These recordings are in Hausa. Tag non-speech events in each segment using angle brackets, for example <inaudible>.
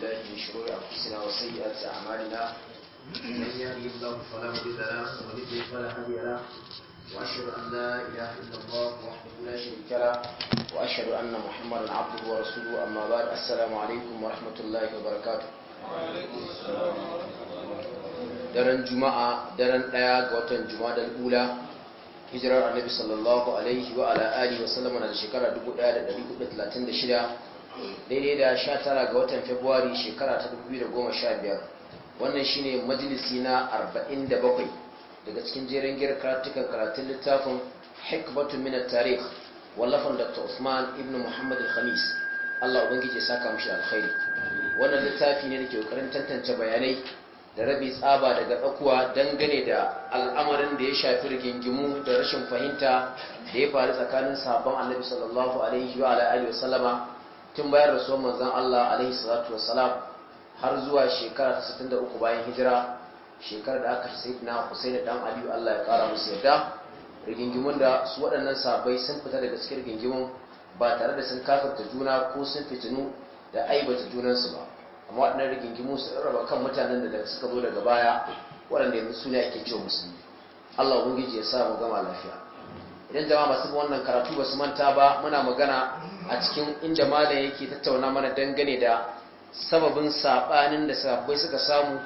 بالله من شرور أنفسنا وسيئات أعمالنا من يهده الله فلا مضل له ومن يضلل فلا هادي له وأشهد أن لا إله إلا الله وحده لا شريك له وأشهد أن محمدا عبده ورسوله أما بعد السلام عليكم ورحمة الله وبركاته وعليكم السلام ورحمة الله وبركاته daren juma'a daren ɗaya ga watan juma'a da ula hijirar annabi sallallahu alaihi wa ala alihi wa sallama na shekara 1436 daidai da sha tara ga watan februari shekara ta 2015 wannan shine majalisi na arba'in da 47 daga cikin jerin gir karatukan karatun littafin hikmatun minar tarih wallafan dr usman ibn muhammad al-khamis allah ubangiji ya saka mashi alkhairi wannan littafi ne da ke ƙoƙarin tantance bayanai da rabi tsaba daga tsakuwa dangane da al'amarin da ya shafi rigingimu da rashin fahimta da ya faru tsakanin sabon annabi sallallahu alaihi wa wa sallama tun bayar da rasuwar manzan Allah alaihi salatu Salam har zuwa shekara ta da uku bayan hijira shekara da aka sai na da dan Aliyu Allah ya kara musu yarda rigingimun da su waɗannan sabai sun fita daga cikin rigingimun ba tare da sun kafarta juna ko sun fitinu da aibata junansu ba amma waɗannan rigingimu su raba kan mutanen da suka zo daga baya waɗanda yanzu su ne ake cewa musulmi Allah ubangiji ya sa mu gama lafiya idan jama'a masu wannan karatu ba su manta ba muna magana a cikin inda malam yake tattauna mana dangane da sababin sabanin da sahabbai suka samu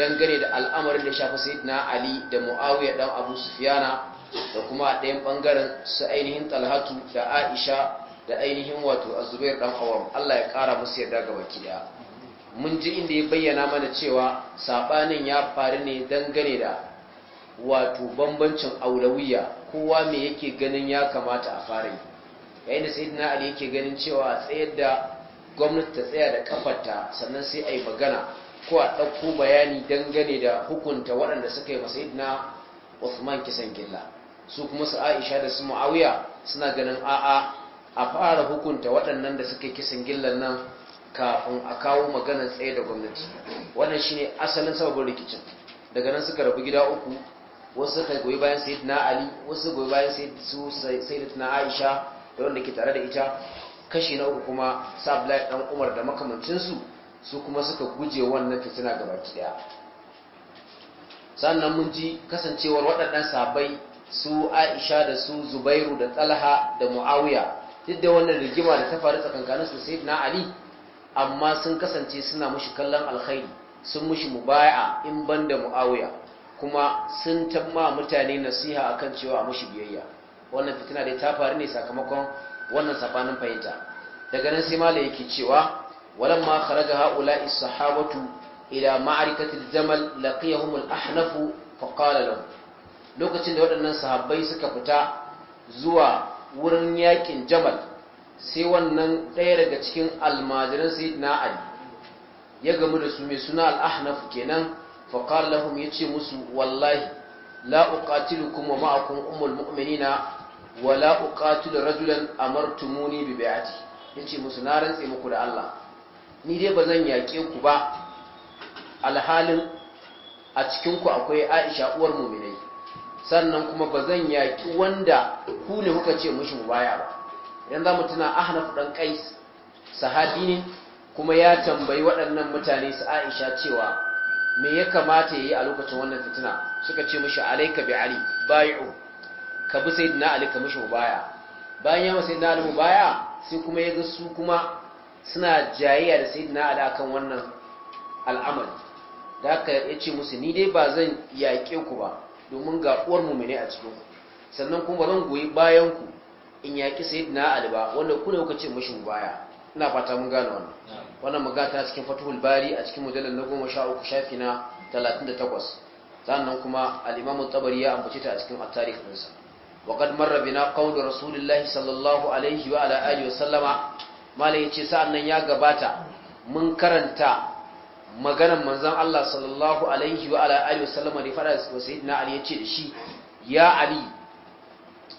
dangane da al'amarin da shafi sayyidina ali da muawiya dan abu sufyana da kuma a ɗayan bangaren su ainihin talhatu da aisha da ainihin wato azubair dan awam Allah ya kara musu yarda ga baki da. mun ji inda ya bayyana mana cewa sabanin ya faru ne dangane da wato bambancin aulawiya kowa me yake ganin ya kamata a fara yi yayin da sayyidina ali yake ganin cewa a tsayar da gwamnati ta tsaya da kafarta sannan sai a yi magana ko a ɗauko bayani dangane da hukunta waɗanda suka yi masa na Uthman kisan gilla su kuma su Aisha da su Muawiya suna ganin a'a a fara hukunta waɗannan da suka yi kisan gillan nan kafin a kawo magana tsaye da gwamnati wannan shine asalin sababin rikicin daga nan suka rabu gida uku wasu suka goyi bayan na ali wasu goyi bayan su na aisha da wanda ke tare da ita kashi na uku kuma sa dan umar da makamancinsu su kuma suka guje wannan fitina gabaki daya sannan mun ji kasancewar waɗannan sabai su aisha da su zubairu da talha da muawiya duk da wannan rigima da ta faru tsakankanin su sai na ali amma sun kasance suna mushi kallon alkhairi sun mushi mubaya in ban da muawiya kuma sun tamma mutane nasiha akan cewa a mushi biyayya wannan fitina dai ta faru ne sakamakon wannan safanin fahimta daga nan sai malai yake cewa ma kharaja haula sahabatu ila ma'rifati al-jamal laqiyahum al-ahnaf fa qala lahum lokacin da waɗannan sahabbai suka fita zuwa wurin yakin jamal sai wannan ɗaya daga cikin almajiran sayyidina ali ya gamu da su mai suna al-ahnaf kenan faƙar lahum ya ce musu wallahi la'uƙatilukum wa ma'akun umar mu'minina wa la'uƙatilu rajulan amartumuni bi bayati ya ce musu na rantse muku da Allah ni dai ba zan yaƙe ku ba alhalin a cikinku akwai aisha uwar muminai sannan kuma ba zan yaƙi wanda ku ne kuka ce mushi mu baya ba idan za mu tuna ahnaf ɗan ƙais kuma ya tambayi waɗannan mutane su aisha cewa me ya kamata ya yi a lokacin wannan fitina suka ce mashi alayka bi ali bai'u ka bi sayyidina ali ka mishi mubaya bayan ya masa sayyidina ali mubaya sai kuma ya ga su kuma suna jayayya da sayyidina ali akan wannan al'amari da haka ya ce musu ni dai ba zan yaƙe ku ba domin ga uwar mene a cikin ku sannan kuma zan goyi bayan ku in yaƙi sayyidina ali ba wanda ku ne kuka ce mishi mubaya ina fata mun gane wannan wannan magata cikin fatuhul bari a cikin mujallar na goma sha uku shafi na talatin da takwas sannan kuma al'imamu tabari ya ambace ta a cikin attarih ɗinsa wa kad marra bina qawlu rasulillahi sallallahu alaihi wa ala alihi wa sallama malai yace sa'annan ya gabata mun karanta maganar manzon Allah sallallahu alaihi wa ala alihi wa sallama da fara wa sayyidina ali yace da shi ya ali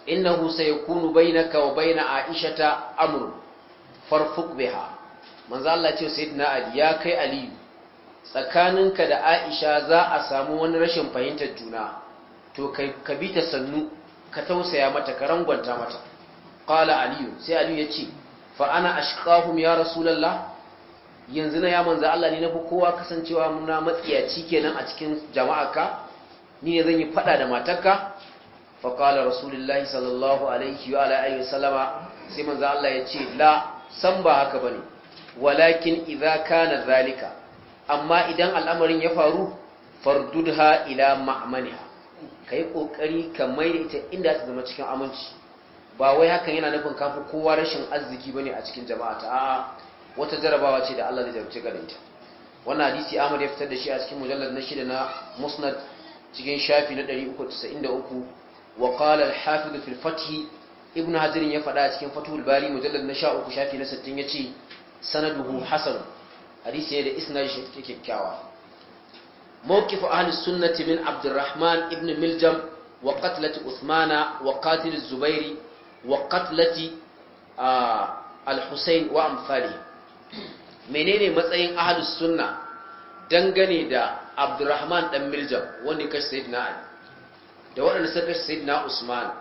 innahu sayakunu bainaka wa bain aishata amru farfuq biha manzo Allah ce sayyidina ali ya kai ali tsakaninka da aisha za a samu wani rashin fahimtar juna to ka bi ta sannu ka tausaya mata ka rangwanta mata qala ali sai ali ya ce fa ana ashqahum ya rasulullah yanzu na ya manzo Allah ne na fi kowa kasancewa muna matsiyaci kenan a cikin jama'a ka ni ne zan yi fada da matarka fa qala rasulullahi sallallahu alaihi wa alihi wasallama sai manzo Allah ya ce la san ba haka bane walakin idza kana zalika amma idan al'amarin ya faru fardudha ila ma'maniha kai kokari ka mai da ita inda ta zama cikin aminci ba wai hakan yana nufin kafi kowa rashin arziki bane a cikin jama'a ta a'a wata jarabawa ce da Allah zai jarabce ga da ita wannan hadisi Ahmad ya fitar da shi a cikin mujallad na shida na Musnad cikin shafi na 393 wa qala al-hafiz fi al-fath ibn Hajar ya faɗa a cikin Fathul Bari mujallad na 13 shafi na 60 yace sanaduhu hasan hadisi ne da isnad shi take kyakkyawa mawqif ahli sunnati min abdurrahman ibn miljam wa qatlati uthmana wa qatil az-zubairi wa qatlati al-husayn wa amsali menene matsayin ahli sunna dangane da abdurrahman dan miljam wanda kashi sayyidina ali da waɗanda suka kashe sayyidina usman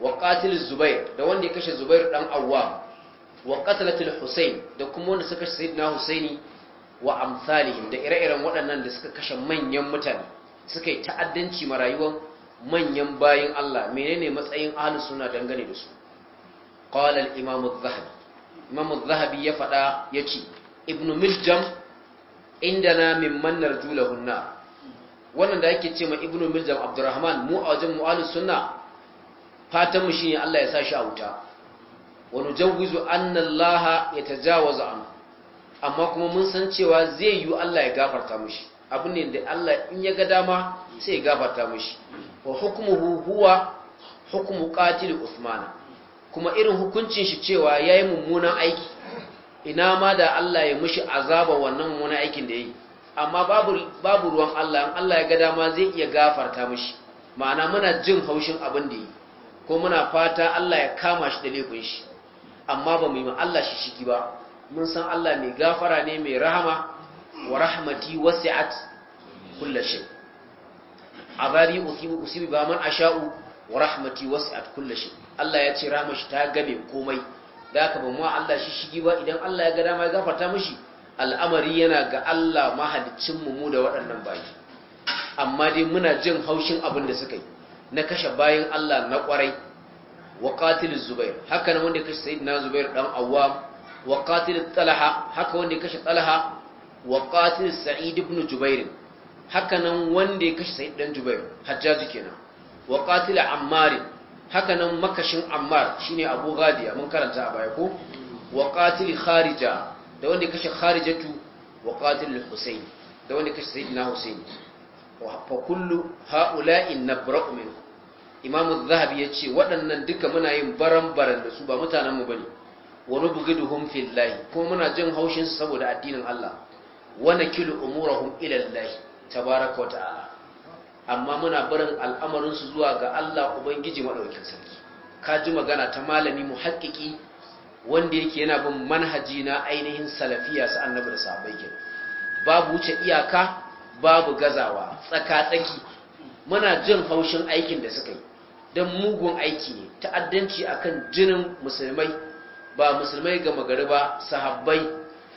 wa qatil zubair da wanda ya kashe zubair dan awwam wa katalatul husayn da kuma wanda suka kashe sayyidina husaini wa amsalihim da ire-iren waɗannan da suka kashe manyan mutane suka yi ta'addanci ma rayuwar manyan bayin Allah menene matsayin ahlus sunna dangane da su qala al-imam adh-dhahabi imam adh-dhahabi ya faɗa yace ibnu miljam indana mimman narjulahunna wannan da yake ce ma ibnu miljam abdurrahman mu a wajen mu ahlus sunna fatan mu shine Allah ya sa shi a wuta wani jawwizu laha ya tajawaza anu. amma kuma mun san cewa zai yi Allah ya gafarta mushi abu ne da Allah in ya ga dama sai ya gafarta mushi wa hukumu huwa hukumu qatil usmana kuma irin hukuncin shi cewa ya yi mummunan aiki ina ma da Allah ya mushi azaba wannan mummunan aikin da ya yi. amma babu ruwan Allah in Allah ya ga dama zai iya gafarta mushi ma'ana muna jin haushin abin da ya yi ko muna fata Allah ya kama shi da laifin shi amma ba mu Allah shi shiki ba mun san Allah mai gafara ne mai rahama wa rahmati wasi'at kullu shay usibu usibi ba man asha'u wa rahmati wasi'at kullu shay Allah ya ce rahama shi ta game komai da ka ba mu Allah shi shiki ba idan Allah ya ga dama ya gafarta mishi al'amari yana ga Allah mahaliccin mu mu da waɗannan baki amma dai muna jin haushin abin da suka yi na kashe bayan Allah na kwarai. wa qatil zubair haka kashe sayyidina zubair dan awa wa qatil talha haka kashe talha wa qatil sa'id ibn jubair haka wanda ya kashe sa'id dan jubair hajjaji kenan wa qatil ammar makashin ammar shine abu gadiya mun karanta a baya ko wa qatil kharija da kashe kharijatu imamu zahabi ya ce waɗannan duka muna yin baran-baran da su ba mutanenmu ba ne wani da humfin lahi. kuma muna jin haushinsu saboda addinin Allah wani kilu umurahun ilallahi tabaraka ala. amma muna barin al'amarinsu zuwa ga Allah ubangiji maɗaukin sarki ka ji magana ta malami mu haƙiƙi wanda yake yana bin manhaji na ainihin salafiya su annabi da sahabbai ke babu wuce iyaka babu gazawa tsaka-tsaki muna jin haushin aikin da suka yi don mugun aiki ne ta'addanci akan jinin musulmai ba musulmai ga magari ba sahabbai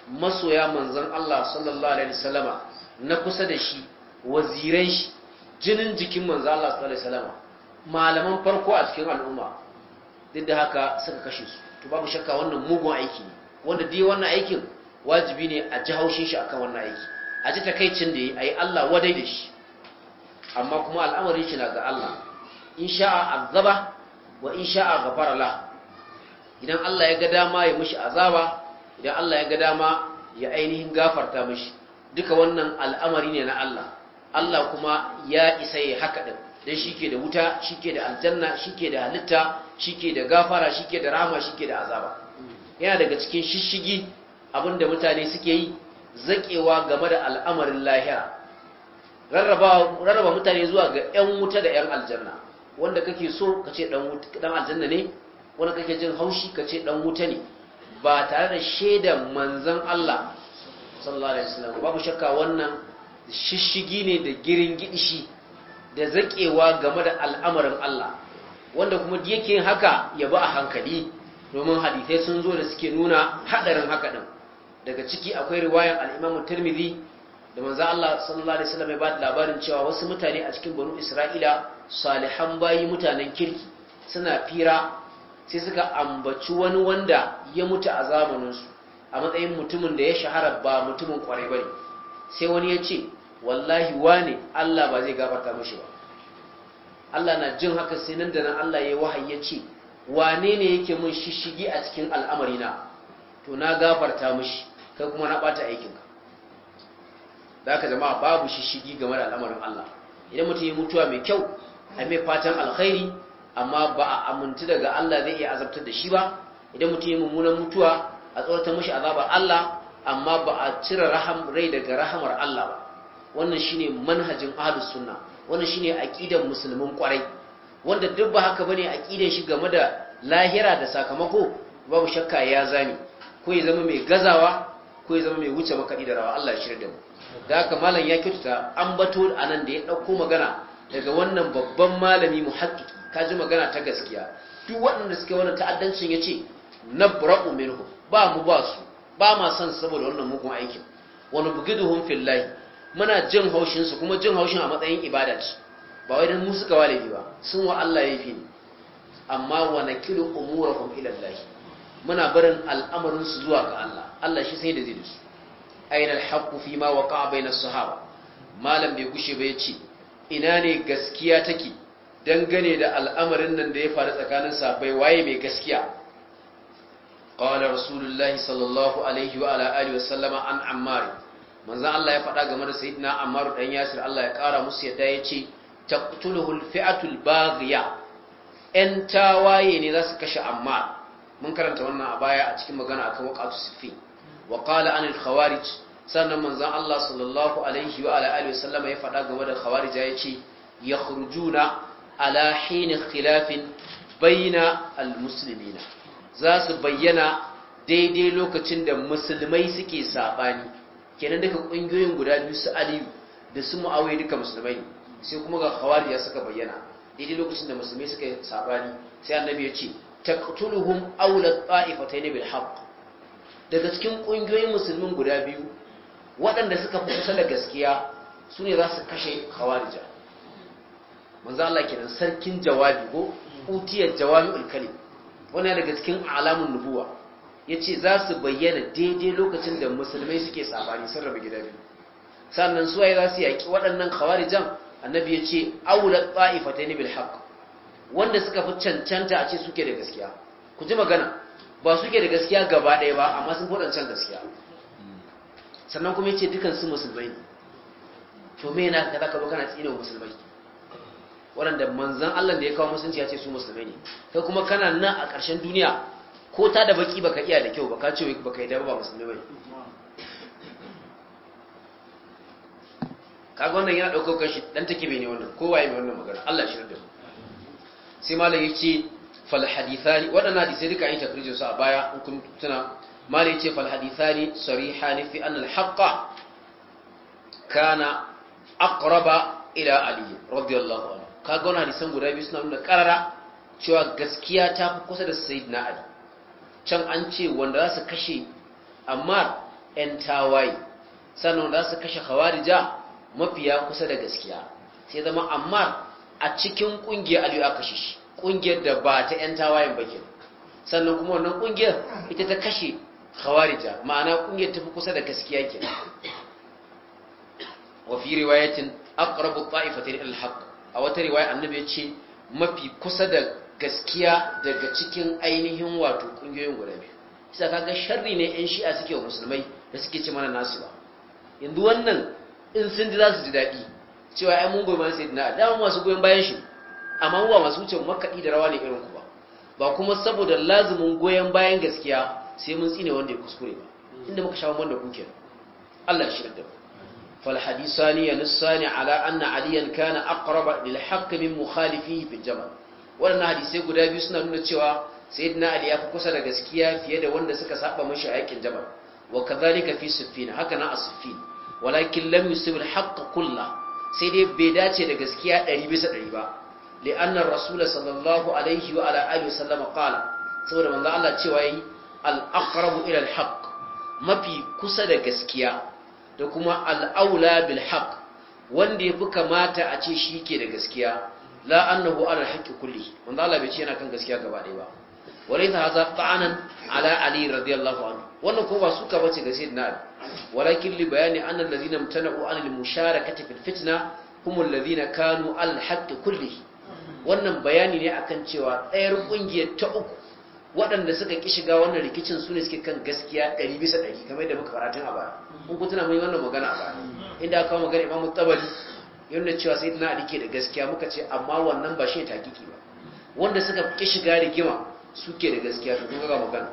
masoya manzan Allah sallallahu alaihi wasallama na kusa da shi waziran shi jinin jikin manzan Allah sallallahu alaihi wasallama malaman farko a cikin al'umma duk da haka suka kashe su to babu shakka wannan mugun aiki ne wanda dai wannan aikin wajibi ne a ji haushin shi akan wannan aiki a ji takaicin da yi a yi Allah wadai da shi amma kuma al'amarin shi na ga Allah in sha'a azaba wa in sha'a gafara la idan Allah ya ga dama ya mishi azaba idan Allah ya ga dama ya ainihin gafarta mishi duka wannan al'amari ne na Allah Allah kuma ya isa ya haka din dan shike da wuta shike da aljanna shike da halitta shike da gafara shike da rahama shike da azaba yana daga cikin shishigi abinda mutane suke yi zakewa game da al'amarin lahira rarraba mutane zuwa ga 'yan wuta da 'yan aljanna wanda kake so ka ce dan aljanna ne wanda kake jin haushi ka ce dan wuta ne ba tare da shaidan manzan Allah sallallahu alaihi wasallam babu shakka wannan shishigi ne da girin gidishi da zakewa game da al'amarin Allah wanda kuma yake haka ya ba a hankali domin hadisai sun zo da suke nuna hadarin haka din daga ciki akwai riwayar al-Imam Tirmidhi da manzo Allah sallallahu alaihi wasallam ya ba labarin cewa wasu mutane a cikin banu Isra'ila salihan bayi mutanen kirki suna fira sai suka ambaci wani wanda ya mutu a zamaninsu a matsayin mutumin da ya shahara ba mutumin kwarai bane sai wani ya ce wallahi wane Allah ba zai gafarta mashi ba Allah na jin haka sai nan da nan Allah ya wahayi ya ce wane ne yake mun shishigi a cikin al'amari na to na gafarta mashi kai kuma na bata aikinka da aka jama'a babu shishigi game da al'amarin Allah idan mutum ya mutuwa mai kyau a mai fatan alkhairi amma ba a amintu daga Allah zai iya azabtar da shi ba idan mutum ya mummunan mutuwa a tsorata mashi azabar Allah amma ba a cire raham rai daga rahamar Allah ba wannan shine manhajin ahlus sunna wannan shine aqidar musulmin kwarai wanda duk ba haka bane aqidar shi game da lahira da sakamako babu shakka ya zame ko ya zama mai gazawa ko ya zama mai wuce makadi da rawa Allah ya shirya da mu da haka malam ya kyautata an bato anan da ya dauko magana daga wannan babban malami muhakkiki ji magana ta gaskiya duk waɗanda suke wannan ta'addancin ya ce na bura'u minhu ba mu ba su ba ma san saboda wannan mugun aikin wani bugiduhun fillahi muna jin haushinsu kuma jin haushin a matsayin ibada ce ba wai don mu suka walibi ba sun wa Allah ya fi ne amma wa na kilu umurahum muna barin al'amarinsu zuwa ga Allah Allah shi sai da zai da su ma waƙa bai na sahaba malam bai gushe ba ya ce ina ne gaskiya take dangane da al'amarin nan da ya faru tsakanin sabai waye mai gaskiya qala rasulullahi sallallahu alaihi wa ala alihi sallama an ammar manzo Allah ya faɗa game da sayyidina ammar dan yasir Allah ya ƙara musu yadda yace taqtuluhu al-fi'atul baghiya Yan tawaye ne zasu kashe amma mun karanta wannan a baya a cikin magana akan waqatu siffin wa qala anil khawarij sannan manzan Allah sallallahu alaihi wa alihi wasallama ya faɗa game da khawarija ya yakhrujuna na hin khilafin baina almuslimina za su bayyana daidai lokacin da musulmai suke saɓani, kenan duka ƙungiyoyin guda biyu su aliyu da su ma'awai duka musulmai sai kuma ga khawarija suka bayyana daidai lokacin da musulmai suka saɓani, sai annabi ya ce taqtuluhum awla ta'ifatayn bil haqq daga cikin kungiyoyin musulmin guda biyu waɗanda suka fi kusa da gaskiya su ne za su kashe khawarija manzo Allah kenan sarkin jawabi ko utiyar jawabi kalim wani daga cikin alamun nubuwa yace za su bayyana daidai lokacin da musulmai suke sabani sun rabu gida biyu sannan su ya za su yaki waɗannan khawarijan annabi yace awla ta'ifatayn bil haqq wanda suka fi cancanta a ce suke da gaskiya ku ji magana ba suke da gaskiya gaba ɗaya ba amma sun fi gaskiya sannan kuma yace dukan su musulmai ne to me yana da zaka zo kana tsina musulmai waɗanda manzon Allah da ya kawo musulunci ya ce su musulmai ne kai kuma kana nan a ƙarshen duniya ko ta da baki baka iya da kyau baka ce baka yi da ba musulmai bane kaga wannan yana ɗaukar kashi ɗan take bai ne wannan kowa ya mai wannan magana Allah shi da mu sai malam yace fal hadithani waɗannan hadisai duka an takrijin su a baya in kun tuna mala yace fal hadithani sarihan fi annal al kana aqraba ila ali radiyallahu anhu kaga wannan hadisan guda biyu suna nuna karara cewa gaskiya ta fi kusa da sayyidina ali can an ce wanda za su kashe amma yan tawaye sannan za su kashe khawarija mafiya kusa da gaskiya sai zama amma a cikin kungiyar aliyu aka kashe shi kungiyar da ba ta yan tawayen ba. sannan kuma wannan ƙungiyar ita ta kashe khawarija ma'ana kungiyar tafi kusa da gaskiya ke wa fi riwayatin aqrabu ta'ifatayn al haqq a wata riwaya annabi ya ce mafi kusa da gaskiya daga cikin ainihin wato kungiyoyin guda biyu sai kaga sharri ne yan shi'a suke wa musulmai da suke ci mana nasu ba yanzu wannan in sun ji za ji daɗi cewa ai mun goyi sai dina da masu goyon bayan shi amma ba masu wuce makaɗi da rawa ne irin ku ba ba kuma saboda lazumin goyon bayan gaskiya sai mun tsine wanda ya kuskure ba inda muka shawo wanda kuke Allah shi da fal hadisani nusani ala anna aliyan kana aqrab lil haqq min mukhalifihi bil jamal wannan hadisi guda biyu suna nuna cewa sayyidina ali ya fi kusa da gaskiya fiye da wanda suka saba mashi yakin jamal wa kadhalika fi siffin haka na asiffin walakin lam yusib al haqq kullah sai dai bai dace da gaskiya 100 bisa 100 ba li'anna rasul sallallahu alaihi wa ala alihi sallama qala saboda manzo Allah cewa yayi al-aqrabu ila al mafi kusa da gaskiya da kuma al-aula bil haqq wanda yafi kamata a ce shi ke da gaskiya la annahu ala al kulli wanda Allah bai ce yana kan gaskiya gaba ɗaya ba walaysa hadha ta'anan ala ali radiyallahu anhu wannan ko ba suka bace ga sayyidina walakin li bayani anna allazina imtana'u an al-musharakati fil fitna kuma allazina kanu al-haqq kulli wannan bayani ne akan cewa tsayar kungiyar ta uku waɗanda suka ki shiga wannan rikicin su ne suke kan gaskiya ɗari bisa ɗari kamar yadda muka karatun a baya mun ku tuna mun yi wannan magana a baya inda aka kawo magana imamu tabari yadda cewa sai na rike da gaskiya muka ce amma wannan ba shi ne takiki ba wanda suka ki shiga rigima suke da gaskiya to kun ga magana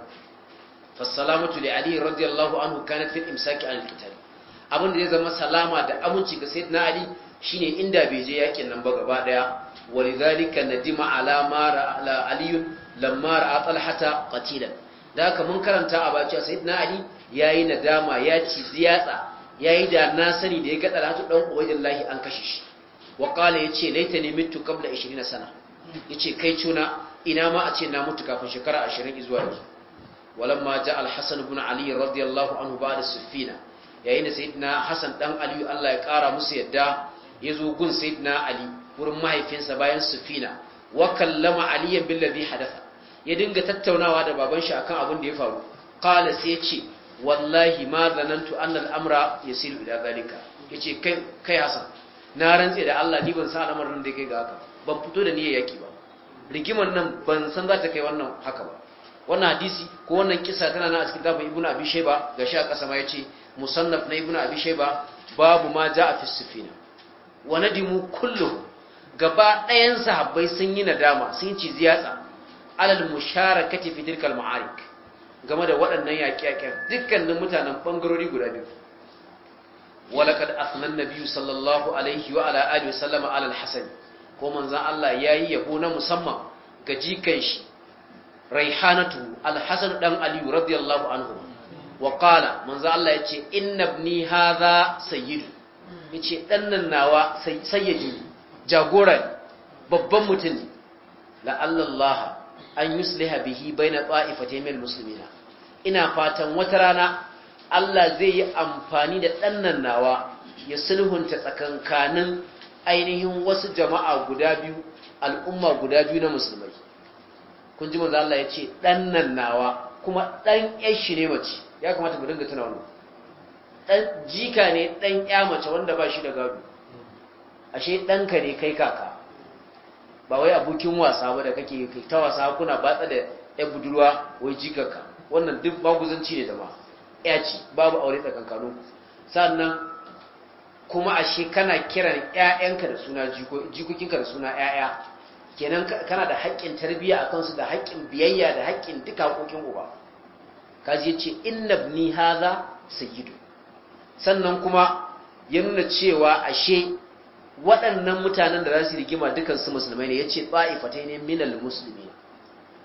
fassalamatu li ali radiyallahu anhu kanat fil imsaki an al-qital abin da zai zama salama da aminci ga sayyidina ali shine inda bai je yakin nan ba gaba daya walidhalika nadima ala ma ra'a ali lamma ra'a talhata qatilan da haka mun karanta a baki sayyidina ali yayi nadama ya ci ziyatsa yayi da na sani da ya ga talhatu dan ubaydillahi an kashe shi wa qala yace laitani mitu qabla 20 sana yace kai cuna ina ma a ce na mutu kafin shekara 20 zuwa yanzu walamma ja al ibn ali radiyallahu anhu ba'da sufina yayin da sayyidina hasan dan ali Allah ya kara musu yadda yazo gun sayyidina ali wurin mahaifinsa bayan sufina wa kallama aliyan billadhi hadatha ya dinga tattaunawa da baban shi akan abin da ya faru qala sai yace wallahi ma zanantu an al-amra yasilu ila zalika yace kai kai hasan na rantse da Allah ni ban san al'amarin da kai ga haka ban fito da niyyar yaki ba rigimar nan ban san za ta kai wannan haka ba wannan hadisi ko wannan kisa tana nan a cikin kitabun ibnu abi shayba shi a kasa ma yace musannaf na ibnu abi shayba babu ma jaa fi sifina wa nadimu kullu gaba ɗayan sahabbai sun yi nadama sun ci ziyatsa alal musharakati fi tilkal ma'arik game da waɗannan yaƙe-yaƙen dukkanin mutanen bangarori guda biyu walaqad asnan nabiyyu sallallahu alaihi wa ala alihi sallama alal hasan ko manzon Allah yayi yabo na musamman ga jikan shi raihanatu al-hasan dan ali radiyallahu anhu wa qala manzon Allah yace inna ibni hadha sayyidu yace dan nan nawa sayyidi jagora babban mutum la'allallaha an yusliha bihi baina ta'ifatayn minal muslimina ina fatan wata rana Allah zai yi amfani da dannan nawa ya sulhunta tsakankanin ainihin wasu jama'a guda biyu al'umma guda biyu na musulmai kun ji manzo Allah ya ce dannan nawa kuma dan yashi ne mace ya kamata mu dinga tunawa jika ne dan ya mace wanda ba shi da gado ashe ɗanka ne kai kaka ba wai abokin wasa ba da kake ta wasa kuna batsa da ya budurwa wai jikaka wannan duk maguzanci ne da ma ya ce babu aure tsakankanu sannan kuma ashe kana kiran ƴaƴanka da suna jikokinka da suna ƴaƴa kenan kana da haƙƙin tarbiyya a kansu da haƙƙin biyayya da haƙƙin duka haƙoƙin uba kaji ya ce inna ibni hadha sayyidu sannan kuma ya nuna cewa ashe waɗannan mutanen da za su rigima dukan su musulmai ne ya ce ba'ifatai ne minal musulmi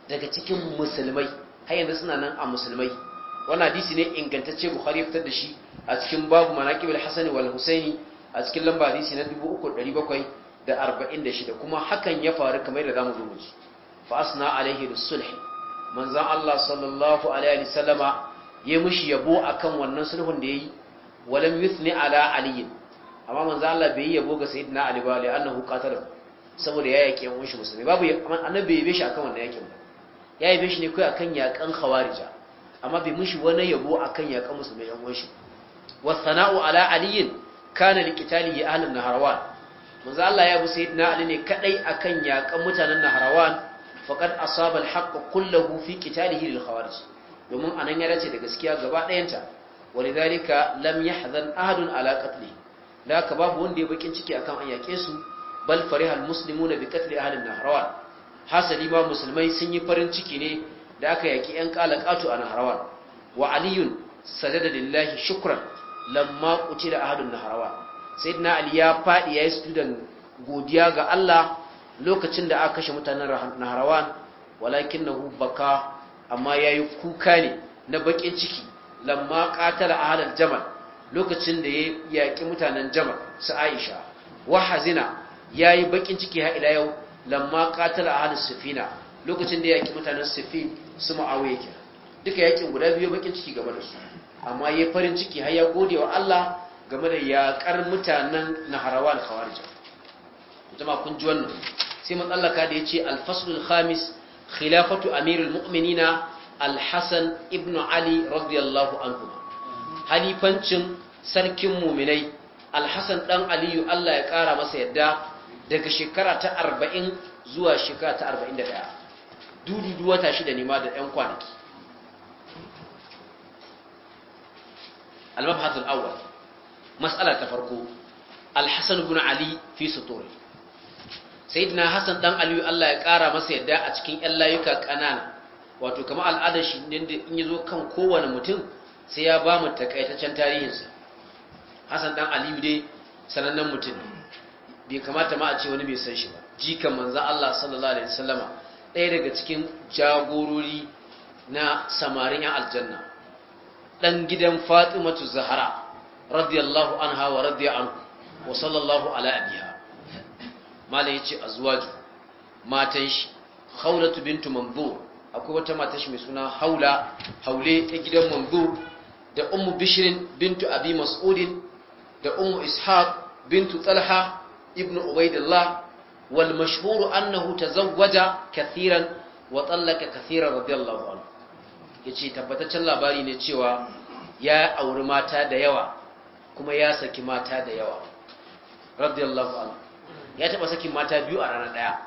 daga cikin musulmai har yanzu suna nan a musulmai wannan hadisi ne ingantacce bukhari ya fitar da shi a cikin babu manaqibul hasani wal husaini a cikin lamba hadisi na 3746 kuma hakan ya faru kamar da zamu zo mu na fa asna alaihi sulh manzon Allah sallallahu alaihi wasallama ya mushi yabo akan wannan sulhun da yayi walam yuthni ala aliyin amma manzo Allah bai yi yabo ga sayyidina Ali ba li annahu qatala saboda ya yake yan shi musulmi babu annabi bai yabe shi akan wannan yakin ba ya yabe shi ne kai akan yakan khawarija amma bai mushi wani yabo akan yakan musulmi yan shi wa sana'u ala aliyin kana liqitali ya ahlun naharawan manzo Allah ya bu sayyidina Ali ne kadai akan yakan mutanen naharawan faqad asaba al-haqq kulluhu fi qitalihi lil khawarij domin anan ya dace da gaskiya gaba dayanta walidhalika lam yahzan ahadun ala qatlihi da haka babu wanda ya bakin ciki akan an yake su bal farihal muslimuna bi katli ahli nahrawan hasali ma musulmai sun yi farin ciki ne da aka yaki yan qalaqatu a nahrawan wa aliyun sajada lillahi shukran lamma qutila ahli nahrawan sayyidina ali ya fadi yayi student godiya ga Allah lokacin da aka kashe mutanen nahrawan walakinahu baka amma yayi kuka ne na bakin ciki lamma qatala ahli jamal lokacin da ya yaƙi mutanen jamal su aisha wa hazina ya yi baƙin ciki ha ila yau lamma ƙatar a sufina lokacin da ya yaƙi mutanen sufin su ma'awaye kira duka yaƙin guda biyu baƙin ciki game da su amma ya farin ciki har ya gode wa Allah game da yaƙar mutanen naharawan khawarija jama kun ji wannan sai matsalaka da ya ce alfasul khamis khilafatu amirul mu'minina alhassan ibn ali radiyallahu anhu halifancin sarkin muminai alhassan ɗan aliyu allah ya ƙara masa yadda daga shekara ta arba'in zuwa shekara ta arba'in da ɗaya dududu wata shida ne da ‘yan kwanaki al-mabhatul awwal mas'ala ta farko al-hasan ibn ali fi suturi sayyidina hasan dan aliyu Allah ya kara masa yadda a cikin 'yan layuka kanana wato kamar al'adar shi ne in yazo kan kowane mutum sai ya ba mu takaitaccen tarihinsa hasan dan aliyu dai sanannen mutum bai kamata ma a ce wani bai san shi ba jikan manzan allah sallallahu alaihi wasallama ɗaya daga cikin jagorori na samarin yan aljanna ɗan gidan fatimatu zahara radiyallahu anha wa radiya anhu wa sallallahu ala abiha malam yace azwaju matan shi khawlatu bintu manzur akwai wata matan shi mai suna haula haule ta gidan manzur da ummu bishirin bintu abi mas'udin da umu ishaq bintu talha ibnu ubaidillah wal mashhur annahu tazawwaja kathiran wa tallaka kathiran radiyallahu anhu yace tabbataccen labari ne cewa ya auri mata da yawa kuma ya saki mata da yawa radiyallahu anhu ya taba sakin mata biyu a rana daya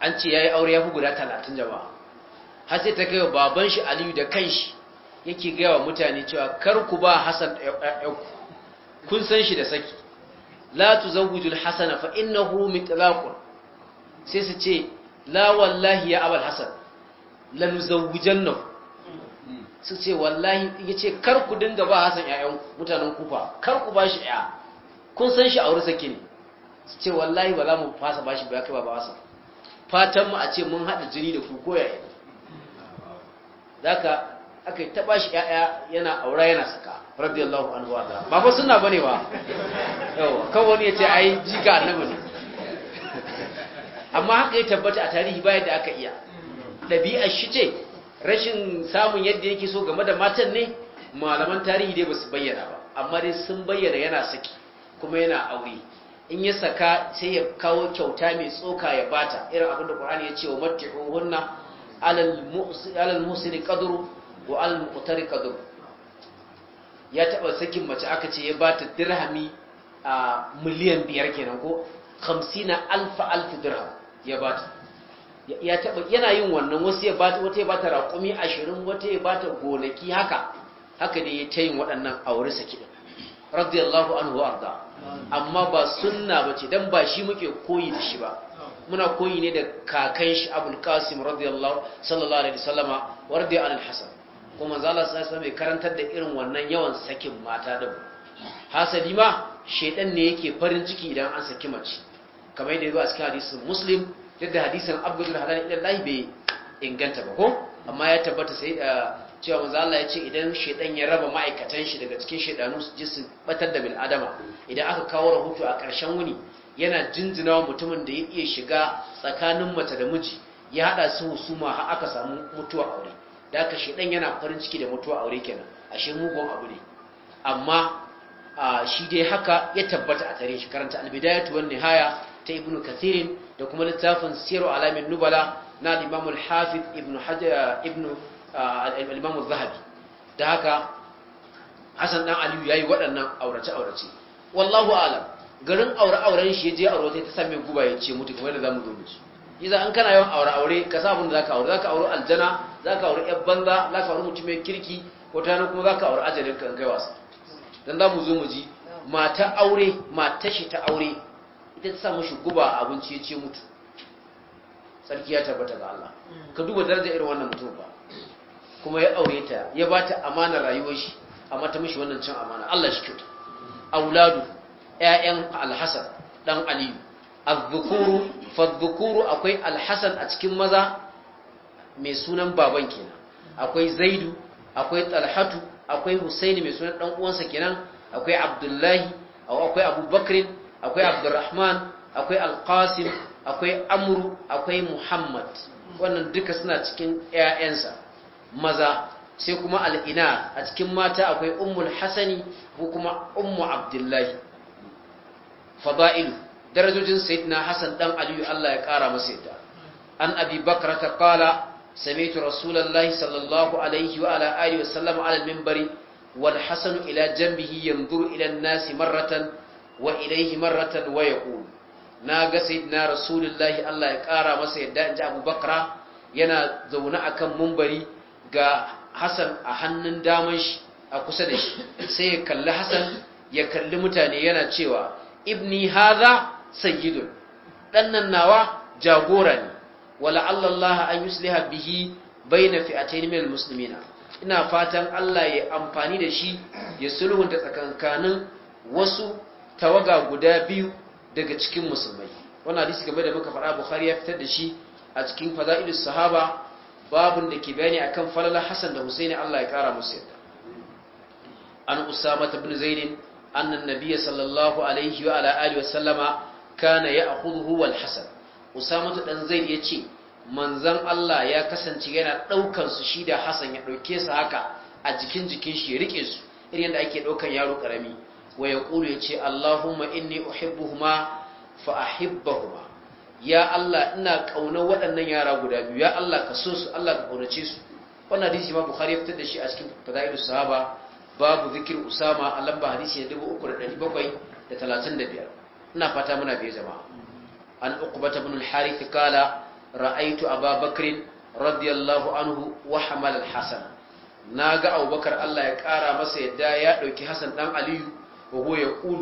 an ce yayi aure ya fi guda 30 jama'a har sai ta kai baban shi Aliyu da kanshi yake gaya wa mutane cewa kar ku ba Hassan ɗauku kun san shi da saki la tuzawwijul hasana fa innahu mitlaqun sai su ce la wallahi ya abul hasan la nuzawwijannahu su ce wallahi yace kar ku dinga ba hasan ƴaƴan mutanen kufa kar ku bashi ya kun san shi aure saki ne su ce wallahi ba za mu fasa bashi ba kai ba hasan fatan mu a ce mun hada jini da ku koyaye zaka aka yi bashi shi ƴaƴa yana aura yana saka radiyallahu anhu wa ba fa sunna bane ba yawa kan wani yace ai jika annabi ne amma haka ya tabbata a tarihi bayan da aka iya dabi'a shi ce rashin samun yadda yake so game da matan ne malaman tarihi dai basu bayyana ba amma dai sun bayyana yana saki kuma yana aure in ya saka sai ya kawo kyauta mai tsoka ya bata irin abinda Qur'ani ya ce wa hunna alal muhsini qadru wa al muqtari qadru ya taba sakin mace aka ce ya ba ta dirhami a miliyan biyar kenan ko hamsina alfa alfa dirham ya ba ta ya taba yana yin wannan wasu ya ba ta wata ya ba ta raƙumi ashirin wata ya ba ta gonaki haka haka ne ya ta yin waɗannan aure saki ɗin radiyallahu anhu arda amma ba sunna ba ce don ba shi muke koyi da shi ba muna koyi ne da kakan shi abul qasim radiyallahu sallallahu alaihi wasallama wardiya al-hasan ko manzala sai mai karantar da irin wannan yawan sakin mata din hasali ma shedan ne yake farin ciki idan an saki mace kamar yadda yake a cikin hadisin muslim yadda hadisin abdul halal idan lahi bai inganta ba ko amma ya tabbata sai eh, cewa manzo Allah ya ce idan shedan ya raba ma'aikatan shi daga cikin shedanu su ji su batar da bil adama idan aka kawo rahoto a ƙarshen wuni yana jinjina wa mutumin da ya iya shiga tsakanin mace da miji ya hada su husuma har aka samu mutuwa aure da shi dan yana farin ciki da mutuwa aure kenan ashe mugun abu ne amma shi dai haka ya tabbata a tare shi karanta albidayatu wan nihaya ta ibnu kathirin da kuma littafin siru alamin nubala na al-imam al-hafiz ibnu hajar ibnu al-imam az-zahabi da haka hasan dan aliyu yayi waɗannan aurace aurace wallahu a'lam garin aure auren shi je aure sai ta same guba ya ce mutu kamar da zamu zo mu ci idan an kana yawan aure aure ka sa abin da zaka aure zaka aure aljana za ka auri yan banza za ka auri mutum mai kirki ko yana kuma za ka auri ajiyar kan kai wasa don za mu zo mu ji mata aure mata shi ta aure ita ta samu shi guba a abinci ya ce mutu sarki ya tabbata ga Allah ka duba daraja irin wannan mutum ba kuma ya aure ta ya ba ta amana rayuwar shi amma ta mishi wannan cin amana Allah shi kyauta auladu ƴaƴan alhasan dan aliyu azzukuru fadzukuru akwai alhasan a cikin maza mai sunan baban kenan akwai zaidu akwai talhatu akwai husaini mai sunan dan uwansa kenan akwai abdullahi akwai abubakar akwai abdurrahman akwai alqasim akwai amru akwai muhammad wannan duka suna cikin ƴaƴansa maza sai kuma al'ina a cikin mata akwai ummul hasani ko kuma ummu abdullahi fada'ilu darajojin sayyidina hasan dan aliyu Allah ya kara masa yadda an abi ta qala سمعت رسول الله صلى الله عليه وعلى آله وسلم على المنبر والحسن إلى جنبه ينظر إلى الناس مرة وإليه مرة ويقول ناغ سيدنا رسول الله الله يقارى ما سيدنا جاء أبو بكر ينا ذونا أكم منبري غا حسن أحنن دامش أكسدش سيكال حسن يكال متاني ينا تشيوا ابني هذا سيد لأننا جاغورني wala Allah an yusliha bihi fi fi'atayn min musulmina ina fatan Allah ya amfani da shi ya sulhunta tsakankanin wasu tawaga guda biyu daga cikin musulmai wannan hadisi game da muka faɗa Bukhari ya fitar da shi a cikin fada'ilus sahaba babun da ke bayani akan falala Hassan da Husaini Allah ya kara musu yadda an Usama ibn bin anna an-nabiy sallallahu alaihi wa ala alihi wa sallama kana ya'khudhu wal Hassan. usamatu dan zai ya ce manzan Allah ya kasance yana ɗaukan su shi da Hassan ya ɗauke su haka a jikin jikin shi ya rike su iri yadda ake ɗaukan yaro ƙarami wa ya ƙulu ya ce Allahumma inni uhibbuhuma fa ahibbahuma ya Allah ina ƙaunar waɗannan yara guda biyu ya Allah ka so su Allah ka ƙaunace su wannan hadisi ma Bukhari ya fitar da shi a cikin fadailus sahaba babu zikir Usama a lamba hadisi da 3735 ina fata muna biye jama'a an uqbata ibn al-harith qala aba bakr radiyallahu anhu wa hamal al-hasan ga abubakar Allah ya kara masa yadda ya dauki hasan dan aliyu wa huwa yaqul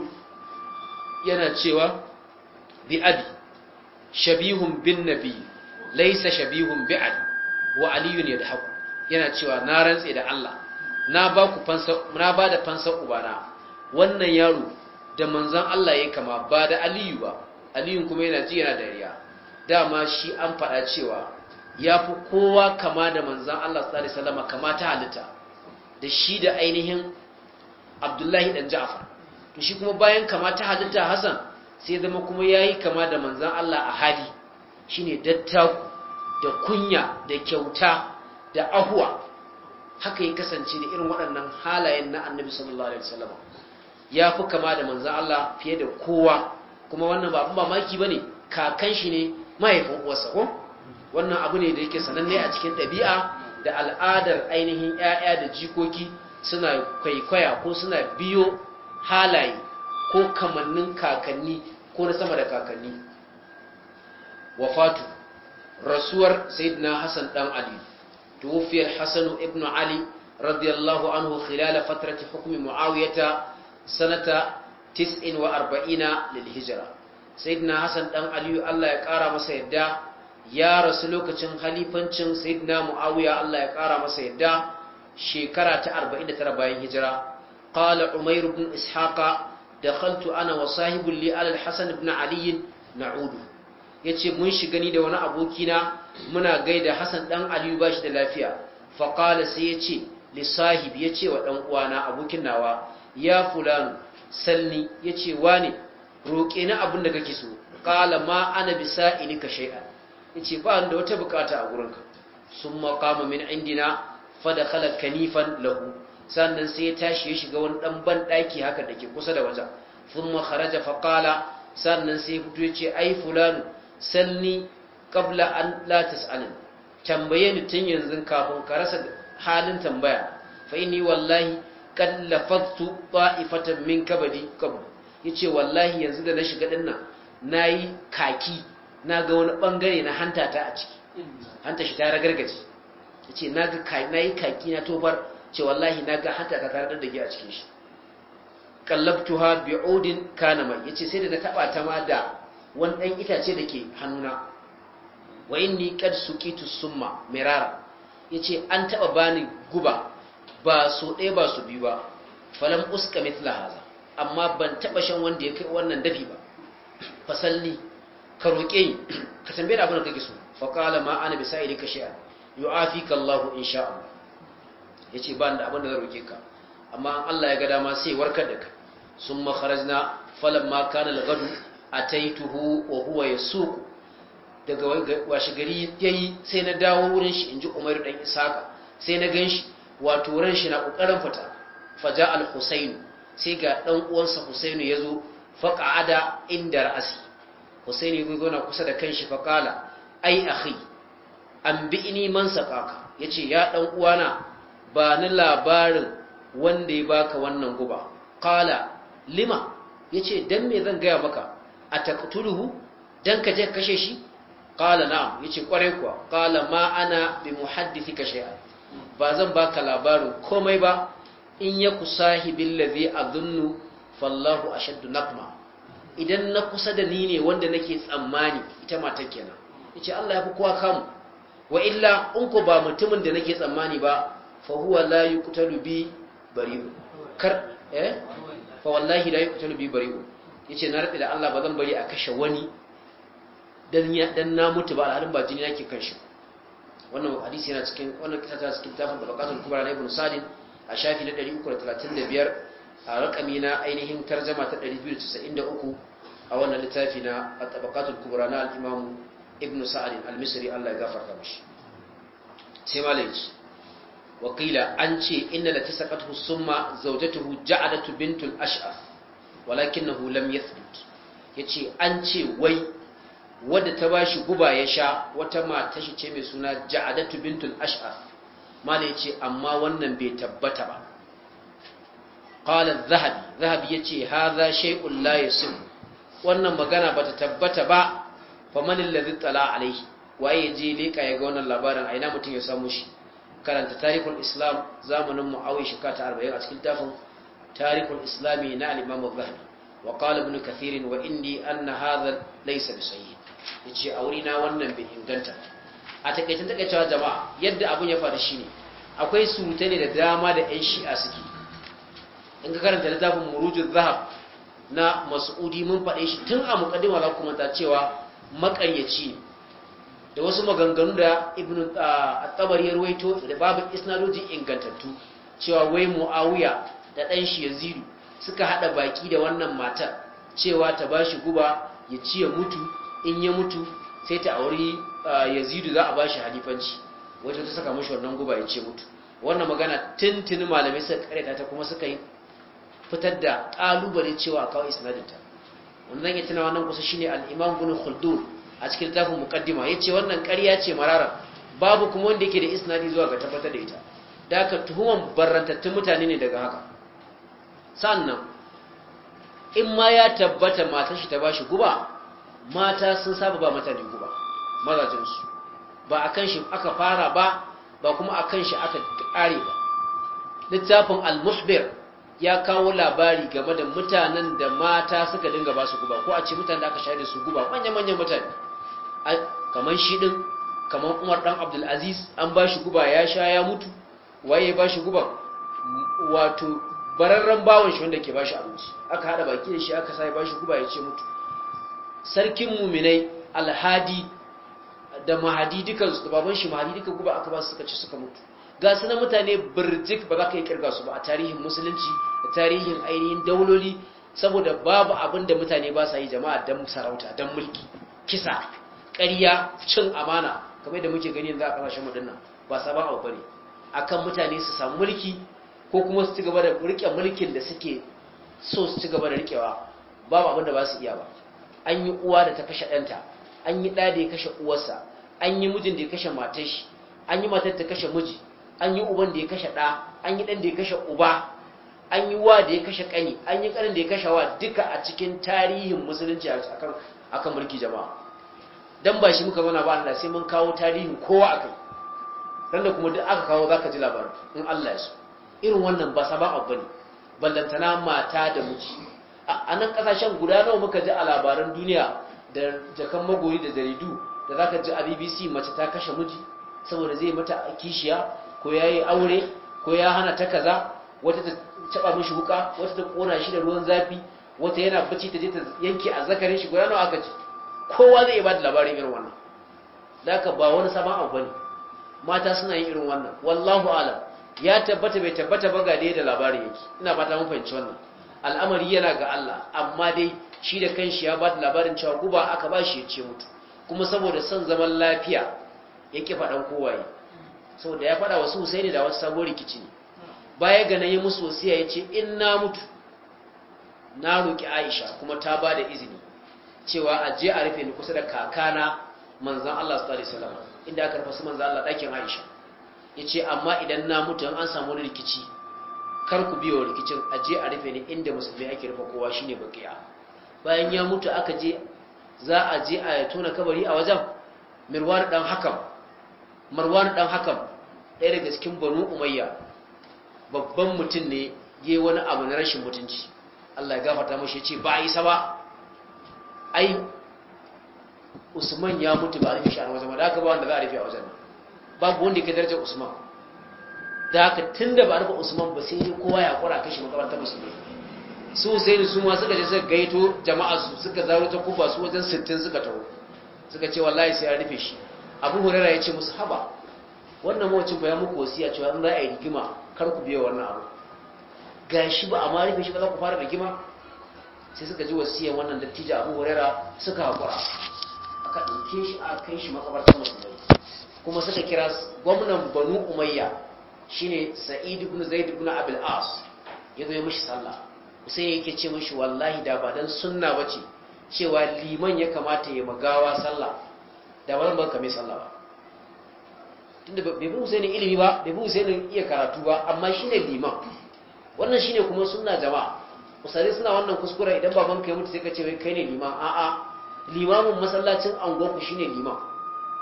yana cewa bi abi shabihun bin nabi laysa shabihun bi wa yana cewa na rantse da Allah na ba fansa na da ubana wannan yaro da manzon Allah ya kama ba da aliyu ba aliyun kuma yana ji yana dariya dama shi an faɗa cewa ya fi kowa kama da manzan Allah tsari salama kama ta halitta da shi da ainihin Abdullahi dan to shi kuma bayan kama ta halitta Hassan sai zama kuma ya yi kama da manzan Allah a hali shi ne dattaku da kunya da kyauta da ahuwa haka yi kasance da irin waɗannan halayen na Annabi sallallahu alaihi wasallam ya fi kama da manzan Allah fiye da kowa kuma wannan ba abin mamaki ba ne kakan shi ne mahaifin uwarsa ko wannan abu ne da yake sananne a cikin ɗabi'a da al'adar ainihin 'ya'ya da jikoki suna kwaikwaya ko suna biyo halaye ko kamannin kakanni ko na sama da kakanni wafatu rasuwar sayyidina hassan dan ali tuwufiyar hassanu Ibnu ali radiyallahu anhu khilala fatarati hukumi mu'awiyata sanata tis'in wa arba'ina lil hijira sayyidina hasan dan aliyu Allah ya kara masa yadda ya rasu lokacin khalifancin sayyidina muawiya Allah ya kara masa yadda shekara ta 49 bayan hijira qala umayr ibn ishaqa dakhaltu ana wa sahibul li al hasan ibn ali na'udu yace mun shiga ni da wani abokina muna gaida hasan dan aliyu bashi da lafiya fa qala sai yace li ya yace wa dan uwana abokin nawa ya fulanu ya ce, wane roƙe na abin da kake so Ƙala ma ana bisa bisa'ilika ya ce, ba da wata bukata a gurinka Sun makama min indina kala kanifan lahu sannan sai ya tashi ya shiga wani ɗan ban ɗaki haka ke kusa da waje Sun kharaja fa ƙala sannan sai fito ce, ai fulani. sanni ƙabla an latas tas'alin tambaye ni tun yanzu kafin ka rasa halin tambaya fa inni wallahi kallafatu ta'ifatan min kabali kabu yace wallahi yanzu da na shiga dinnan nayi kaki na ga wani bangare na hanta ta a ciki hanta shi ta ragargaje yace naga kai nayi kaki na tobar ce wallahi naga hanta ta tare da a cikin shi kallabtuha bi'udin kana mai yace sai da na taba ta ma da wani dan itace dake hannuna wa inni qad suqitu summa mirara yace an taba bani guba ba su ɗaya ba su biyu ba falam uska mitla haza amma ban taɓa shan wanda ya kai wannan dafi ba fasalli ka roƙe ni ka tambaye abin da kake so fa qala ma ana bi sa'iri ka shay'a yu'afika Allah insha Allah yace ba da abin da zan roƙe ka amma Allah ya ga dama sai warkar da ka summa kharajna ma kana al-ghadu ataituhu wa huwa yasuq daga washe gari yayi sai na dawo wurin shi inji Umar dan Isaka sai na ganshi wato ran shi na kokarin fita faja al-husayn sai ga ɗan uwansa husayn ya zo faqa'ada inda ra'asi husayn ya na kusa da kanshi faqala ai akhi an bi'ni man saqaka yace ya ɗan uwana ba ni labarin wanda ya baka wannan guba Ƙala, lima yace dan me zan gaya maka ataqtuluhu dan ka je kashe shi na, na'am yace kware kuwa Ƙala ma ana bi muhaddithika shay'an ba zan baka labarin komai ba in ya kusahibin a zunnu fallahu shaddu naqma idan na kusa da ni ne wanda nake tsammani ita matan kenan yace Allah ya fi kowa kamu wa illa in ku ba mutumin da nake tsammani ba fa huwa la yuqtalu bi bari'u kar eh fa wallahi la bari bi ya yace na rabi da Allah ba zan bari a kashe wani dan na mutu ba al'adun ba jini yake kan shi wannan hadisi yana cikin wannan kisa ta cikin tafin da bakatun kubra na ibn sadin a shafi na 335 a rakami na ainihin tarjama ta 293 a wannan littafi na tabakatul kubra na al-imam ibn sa'adin al-misri Allah ya gafarta mishi sai malaiki wakila an ce inna lati saqathu summa zawjatuhu ja'alatu bintul ash'af walakinahu lam yathbut yace an ce wai wadda ta ba shi guba ya sha wata mata shi ce mai suna ja'adatu bintul ash'af mala ya ce amma wannan bai tabbata ba qala zahabi zahabi ya ce haza shay'un la yasim wannan magana ta tabbata ba fa man allazi tala alaihi waye je leƙa ya ga wannan labarin aina mutum ya samu shi karanta tarihul islam zamanin muawiya shekara arba'in a cikin tafin tarihul islami na al-imam zahabi وقال ابن كثير وإني أن هذا ليس بصحيح ya ce a na wannan bai inganta a takaicin takaicewa jama'a yadda abin ya faru shine akwai surutai ne da dama da 'yan shi'a suke in ka karanta littafin murujin zahab na udi mun faɗe shi tun a mukaddima za ku cewa makaryaci da wasu maganganu da ibn at ya ruwaito da babu isnadoji ingantattu cewa wai muawiya da ɗan shi yazidu suka haɗa baki da wannan matar cewa ta ba shi guba ya ci ya mutu in ya mutu sai ta auri yazidu za a ba shi halifanci wajen ta saka mashi wannan guba ya ce mutu wannan magana tuntuni malamai suka karyata ta kuma suka yi fitar da kalubale cewa a kawai isnadinta wannan ya tuna wannan kusa shine al'imam imam a cikin littafin Ya ce wannan karya ce marara babu kuma wanda yake da isnadi zuwa ga tabbatar da ita da haka tuhuman barantattun mutane ne daga haka sannan in ma ya tabbata matar shi ta shi guba mata sun saba ba mutane guba mazajinsu ba a kan shi aka fara ba ba kuma a kan shi aka ƙare ba littafin al-musbir ya kawo labari game da mutanen da mata suka dinga ba su guba ko a ce mutanen da aka shaida su guba manya-manyan mutane kamar shi din kamar umar dan abdulaziz an ba shi guba ya sha ya mutu waye ba shi guba wato bararren bawon shi wanda ke ba shi abinci aka haɗa baki da shi aka sa ya ba shi guba ya ce mutu sarkin muminai alhadi da mahadi dukansu da baban shi mahadi duka guba aka ba su suka ci suka mutu ga su na mutane birjik ba za ka yi kirga su ba a tarihin musulunci a tarihin ainihin dauloli saboda babu abin da mutane ba sa yi jama'a don sarauta don mulki kisa karya, cin amana kamar da muke gani za a ƙasashen madanna, ba sa ba abu bane akan mutane su samu mulki ko kuma su ci gaba da riƙe mulkin da suke so su ci gaba da riƙewa babu abin da ba su iya ba an yi uwa da ta kashe ɗanta an yi ɗa da ya kashe uwarsa an yi mijin da ya kashe matar shi an yi matar ta kashe miji an yi uban da ya kashe ɗa an yi ɗan da ya kashe uba an yi wa da ya kashe ƙani an yi ƙanin da ya kashe wa duka a cikin tarihin musulunci a kan mulki jama'a don ba shi muka zauna ba Allah sai mun kawo tarihin kowa a kai kuma duk aka kawo za ka ji labarin in Allah ya so irin wannan ba sabon abu ne ballantana mata da miji a nan kasashen guda nawa muka ji a labaran duniya da jakan magoyi da jaridu da za ka ji a BBC mace ta kashe miji saboda zai mata a kishiya ko ya yi aure ko ya hana ta kaza wata ta taba mishi wuka wata ta kona shi da ruwan zafi wata yana bacci ta je ta yanke a zakarin shi guda nawa aka ci kowa zai ba da labarin irin wannan da ka ba wani sabon abu ne mata suna yin irin wannan wallahu alam ya tabbata bai tabbata ba ga da labari yake ina fata mun fahimci wannan al'amari yana ga Allah amma dai shi da kanshi ya ba da labarin cewa guba aka ba shi ya ce mutu kuma saboda son zaman lafiya ya ƙi faɗan kowaye saboda ya faɗa wasu husaini da wasu sabon rikici ne baya ga na yi musu wasiya ya ce in na mutu na roƙi aisha kuma ta ba da izini cewa a je a rufe ni kusa da kakana manzan allah su tsari salama inda aka rufe su manzan allah ɗakin aisha ya ce amma idan na mutu an samu wani rikici kar ku biyo rikicin aje a rufe ne inda musulmi ake rufe kowa shine bakiya bayan ya mutu aka je za a je a tona kabari a wajen mirwar dan hakam marwan dan hakam ɗaya daga cikin banu umayya babban mutum ne ya wani abu na rashin mutunci Allah ya gafata mashi ce ba a isa ba ai Usman ya mutu ba a rufe shi a wajen ba da aka ba wanda za a rufe a wajen babu wanda ya kai darajar Usman da haka tun da ba rufe usman ba sai kowa ya kura kashi makabarta musulmi su sai da su ma suka je suka gaito jama'a su suka zaro ta kufa su wajen sittin suka taro suka ce wallahi sai ya rufe shi abu hurara ya ce musu haba wannan mawacin ba ya muku wasiya cewa in za a yi rigima kar ku biya wannan abu ga shi ba a ma rufe shi ba za ku fara rigima sai suka ji wasiyan wannan dattijo abu hurara suka haƙura aka ɗauke shi a kai shi makabartar kuma suka kira gwamnan banu umayya shine sa'id ibn zaid ibn abul as yazo ya mishi sallah sai yake ce mishi wallahi da ba dan sunna bace cewa liman ya kamata ya magawa sallah da ba ban mai sallah ba tunda bai sai ne ilimi ba bai sai ne iya karatu ba amma shine liman wannan shine kuma sunna jama'a usare suna wannan kuskure idan baban ka ya mutu sai ka ce wai kai ne liman a'a limamin masallacin anguwa ku shine liman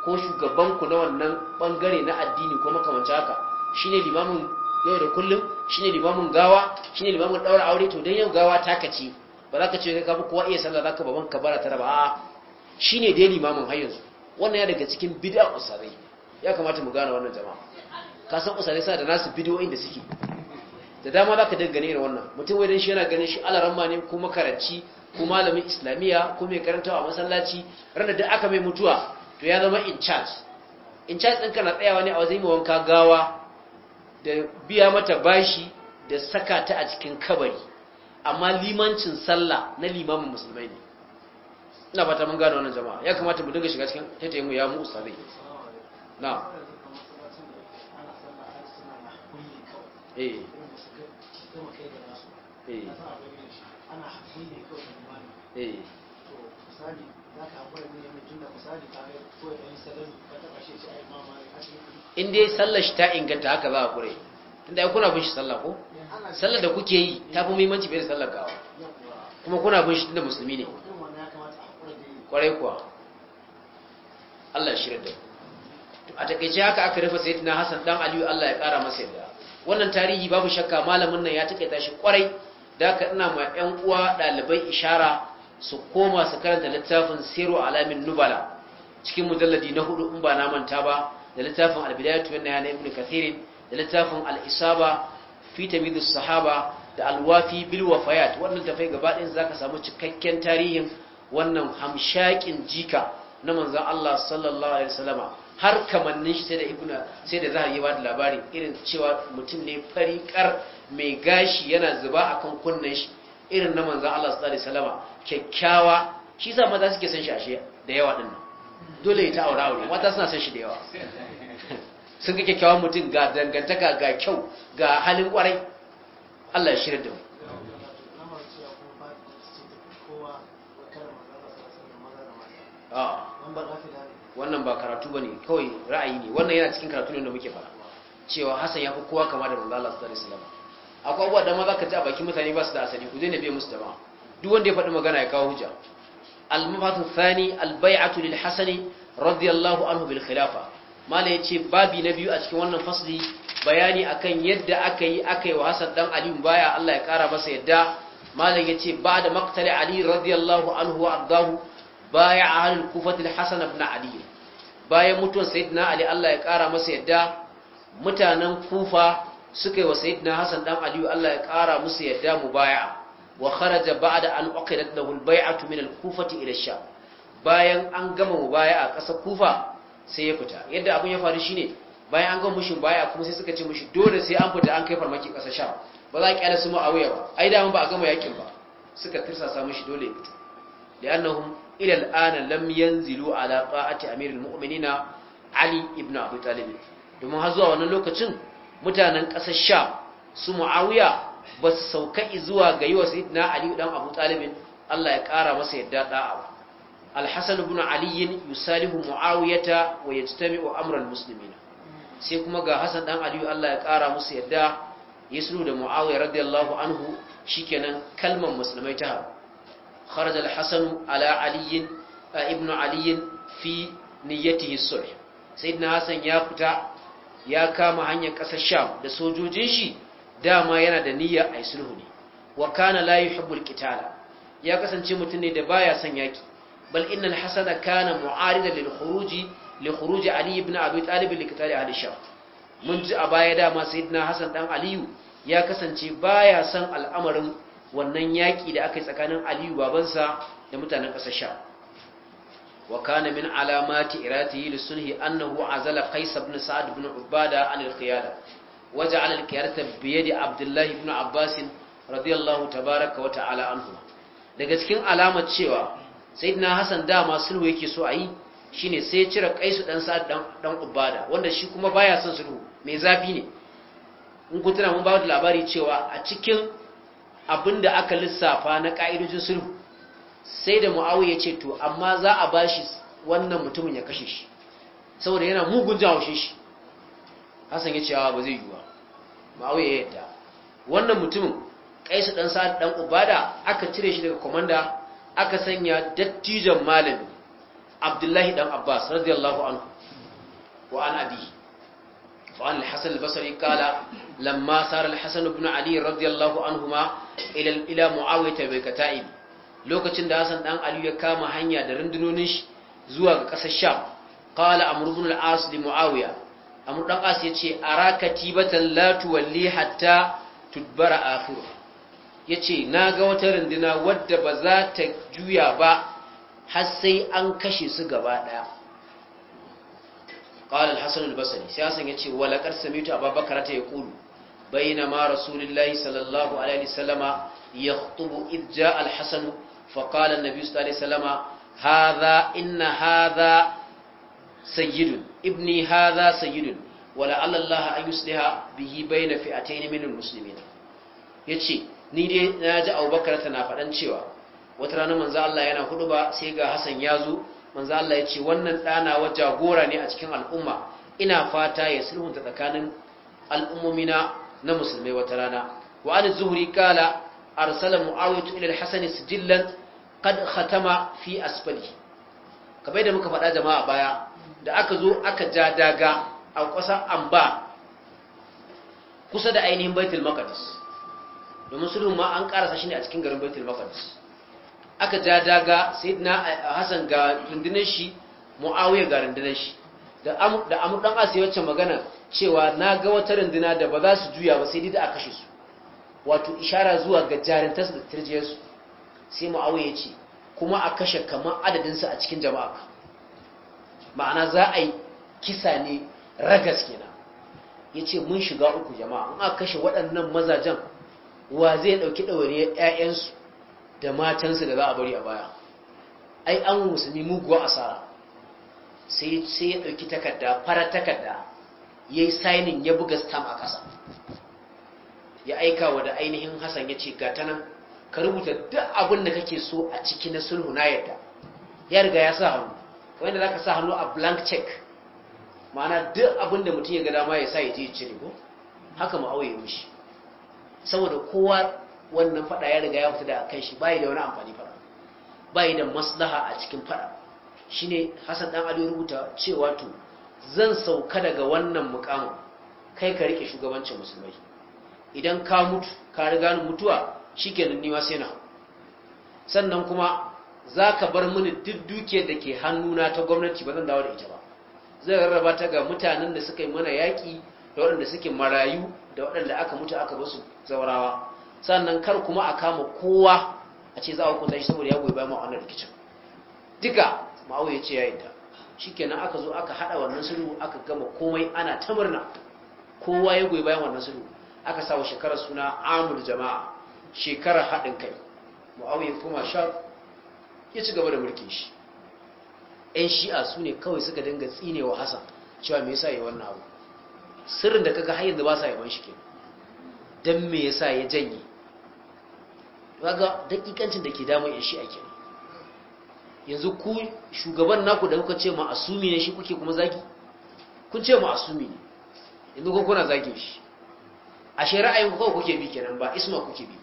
ko shugaban ku na wannan bangare na addini ko makamancin haka shine limamin yau da kullum shine limamin gawa shine limamin daura aure to dan yau gawa ta kace ba za ka ce ka fi kowa iya sallah zaka baban kabara tara ba a shine dai limamin har yanzu wannan ya daga cikin bid'a usare ya kamata mu gane wannan jama'a ka san usare sa da nasu bidiyoyin da suke da dama za ka dangane wannan mutum wai dan shi yana ganin shi alaramma ne ko makaranci ko malamin islamiyya ko mai karantawa a masallaci ranar da aka mai mutuwa to ya zama in charge in charge din kana tsayawa ne a wajen wanka gawa da biya mata bashi da saka ta a cikin kabari amma limancin sallah na limamin musulmai ne ina fata mun gano wannan jama'a ya kamata mu dinga shiga cikin taitayin mu ya mu usabe na eh eh eh in dai sallar shi ta inganta haka za a kure inda ya kuna bin shi sallar ko sallar da kuke yi ta fi muhimmanci fiye da sallar gawa kuma kuna bin shi tunda musulmi ne kwarai kuwa Allah shirya da a takaice haka aka rufe tunan Hassan dan Aliyu Allah ya kara masa yadda wannan tarihi babu shakka malamin nan ya takeita shi kwarai da haka ina ma yan uwa ɗalibai ishara su koma su karanta littafin siru alamin nubala cikin mujalladi na hudu in ba na manta ba da littafin albidayatu wannan yana ibnu kathirin da littafin al-isaba fi tamyiz sahaba da al-wafi bil wafayat wannan tafai gaba ɗayan zaka samu cikakken tarihin wannan hamshakin jika na manzon Allah sallallahu alaihi wasallama har kamannin shi sai da ibnu sai da zahabi ba da labarin irin cewa mutum ne fari mai gashi yana zuba akan kunnen shi irin na manzan Allah sallallahu alaihi wasallama kyakkyawa shi sa maza suke son shi ashe da yawa din dole ita aure aure mata suna son shi da yawa <laughs> sun ga kyakkyawan mutum ga dangantaka ga kyau ga halin kwarai Allah ya shirya da mu ah. wannan ba karatu ba ne kawai ra'ayi ne wannan yana cikin karatu ne da muke fara cewa hassan ya fi kowa kama da manzo Allah sallallahu alaihi wasallam akwai abubuwa da za ka ci a bakin mutane ba su da asali ku daina biya musu dama duk wanda ya faɗi magana ya kawo hujja al-mabatu Sani al-bai'atu lil hasani radiyallahu anhu bil khilafa mala ce babi na biyu a cikin wannan fasli bayani akan yadda aka yi aka yi wa Hassan dan Ali baya Allah ya kara masa yadda ya yace ba da maktali Ali radiyallahu anhu wa ardahu baya ahlul kufah hasan ibn Ali bayan mutuwar sayyidina Ali Allah ya kara masa yadda mutanen Kufa suka yi wa sayyidina Hassan dan Aliyu Allah ya kara musu yadda baya wa kharaja ba'da an uqidat lahu al-bay'atu min al-kufati ila sham bayan an gama mu baya a ƙasar Kufa sai ya fita yadda abun ya faru shine bayan an gama mushin baya kuma sai suka ce mushi dole sai an fita an kai farmaki kasar sham ba za a kyale su wuya ba ai da ba a gama yakin ba suka tirsasa mushi dole ya fita li'annahum ila al-ana lam yanzilu ala amir al mu'minina Ali ibn Abi Talib domin har zuwa wannan lokacin mutanen ƙasar sham su muawiya ba su sauka zuwa ga yi wa ali dan abu talibin Allah ya ƙara masa yadda ɗa'a ba alhassan hasan ibn aliyin yusalihu muawiyata wa amuran musulmi na sai kuma ga hasan dan aliyu Allah ya ƙara masa yadda yaslu da muawiya radiyallahu anhu shikenan kalmar musulmai ta haru kharaja al ala ali ibn ali fi niyyatihi sulh sayyidina Hassan ya fita ya kama hanyar ƙasar sham da sojojin shi dama yana da niyya a sulhu ne wa kana la yuhibbul ya kasance mutum ne da baya son yaki bal innal hasada kana mu'arida lil khuruji li khuruji ali ibn abi talib li qitali ahli sham mun ji a baya dama sayyidina hasan dan aliyu ya kasance baya son al'amarin wannan yaki da aka yi tsakanin aliyu babansa da mutanen ƙasar sham wa kana min alamati iratihi lisunhi annahu azala qais ibn sa'd ibn ubada an al-qiyada waja'ala al bi yadi abdullah ibn abbas radiyallahu tabaaraka wa ta'ala anhu daga cikin alamar cewa sayyidina hasan dama sulhu yake so ayi shine sai cire qais dan sa'd dan ubada wanda shi kuma baya son sulhu mai zafi ne in ku mun ba da labari cewa a cikin abinda aka lissafa na ka'idojin sulhu sai da ya ce to amma za a bashi wannan mutumin ya kashe shi saboda yana mugun jawo shi Hassan ya ce ba zai yiwa muawiya ya yadda wannan mutumin kaisu dan sa'ad dan ubada aka cire shi daga komanda aka sanya dattijan malami abdullahi dan abbas radiyallahu anhu wa an abi hasan al-basri kala lamma sar al-hasan ibn ali radiyallahu anhuma ila ila معاوية bi kata'ib lokacin da Hassan dan Ali ya kama hanya da rundunonin shi zuwa ga ƙasar Sham qala Amr ibn al-As li Muawiya Amr dan As yace araka tibatan la tuwalli hatta tudbara afiru yace naga wata runduna wadda ba za ta juya ba har sai an kashe su gaba daya قال الحسن البصري Siyasan yace wala kar samitu abubakar ta yaqulu bainama rasulullahi sallallahu alaihi wasallama yakhtubu idja al-hasan فقال النبي صلى الله عليه وسلم هذا إن هذا سيد ابني هذا سيد ولعل الله أن يصلح به بين فئتين من yace ni dai naji Abubakar tana faɗan cewa wata rana manzo Allah yana hudu ba sai ga Hassan ya zo manzo Allah ce wannan dana wa jagora ne a cikin al'umma ina fata ya sulhunta tsakanin al'ummomina na musulmai wata rana wa an zuhri kala arsala muawiyah ila al-hasan sijillan kad khatama fi asfali kamar da muka faɗa jama'a baya da aka zo aka ja daga a ƙasa amba kusa da ainihin baitul maqdis domin sulhun ma an ƙarasa shi ne a cikin garin baitul maqdis aka ja daga sayyidina hasan ga rundunar shi muawiya ga rundunar shi da amu da amu dan asai wacce magana cewa na ga wata runduna da ba za su juya ba sai dai da aka kashe su wato ishara zuwa ga jarintarsu da tirjiyarsu sai mu ya ce kuma a kashe kamar adadinsa a cikin jama'a ma'ana za a yi kisa ne ragas kenan ya ce mun shiga uku jama'a a kashe waɗannan mazajen wa zai ɗauki ɗawainiyar 'ya'yansu da matansu da za a bari a baya ai an musulmi muguwa asara sai ya ɗauki takarda fara takarda ya yi sainin ya buga stam a ƙasa ya aika wa da ainihin hassan ya ce gata nan ka rubuta duk abin da kake so a ciki na sulhu na yadda ya riga ya sa hannu wanda za ka sa hannu a blank check ma'ana duk abin da mutum ya ga dama ya sa ya je cire ko haka mu auye mishi saboda kowa wannan fada ya riga ya fita da kan shi bayi da wani amfani fada bayi da maslaha a cikin fada shine Hassan dan Ali rubuta cewa to zan sauka daga wannan mukamin kai ka rike shugabancin musulmai idan ka mutu ka riga mutuwa shikenan ni ma sai na sannan kuma za ka bar mini duk dukiyar da ke hannuna ta gwamnati ba zan dawo da ita ba zai rarraba ta ga mutanen da suka yi mana yaƙi da waɗanda suke marayu da waɗanda aka mutu aka basu zaurawa sannan kar kuma a kama kowa a ce za a hukunta shi saboda ya goyi bayan ma'aunar rikicin duka ma'au ya ce ya yi ta shi kenan aka zo aka haɗa wannan sulhu aka gama komai ana ta murna kowa ya goyi bayan wannan sulhu aka sa wa shekarar suna amur jama'a shekarar haɗin kai ma'auyin kuma sha ya ci gaba da mulkin shi ‘yan shi'a su ne kawai suka dinga tsinewa hassan cewa me yasa ya wannan abu sirrin da kaga har da ba sa yaban shi ke don me yasa ya janye daga dakikancin da ke damar ‘yan shi'a ke yanzu ku shugaban naku da kuka ce ma ne shi kuke kuma zagi kun ce ma ne yanzu kuna zagin shi a shari'a yin kuka kuke bi kenan ba isma kuke bi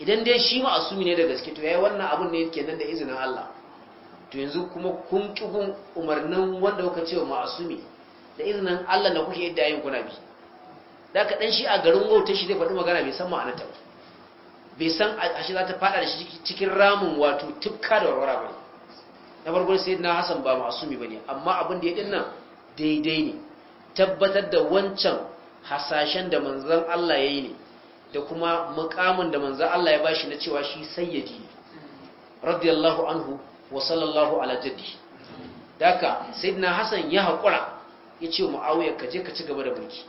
idan dai shi ma'asumi ne da gaske to yayi wannan abun ne nan da izinin Allah to yanzu kuma kun kikun umarnin wanda kuka ce ma'asumi da izinin Allah da kuke yadda yin kuna bi da ka dan shi a garin wauta shi zai faɗi magana bai san ma'anar ta bai san a shi za ta faɗa da shi cikin ramin wato tukka da warwara ba na farko sai na Hassan ba ma'asumi bane amma abin da ya nan daidai ne tabbatar da wancan hasashen da manzon Allah yayi ne da kuma mukamin da manzo Allah ya bashi na cewa shi sayyidi radiyallahu anhu wa sallallahu ala jaddi daka sayyidina Hassan ya hakura yace Muawiya ka je ka ci gaba da mulki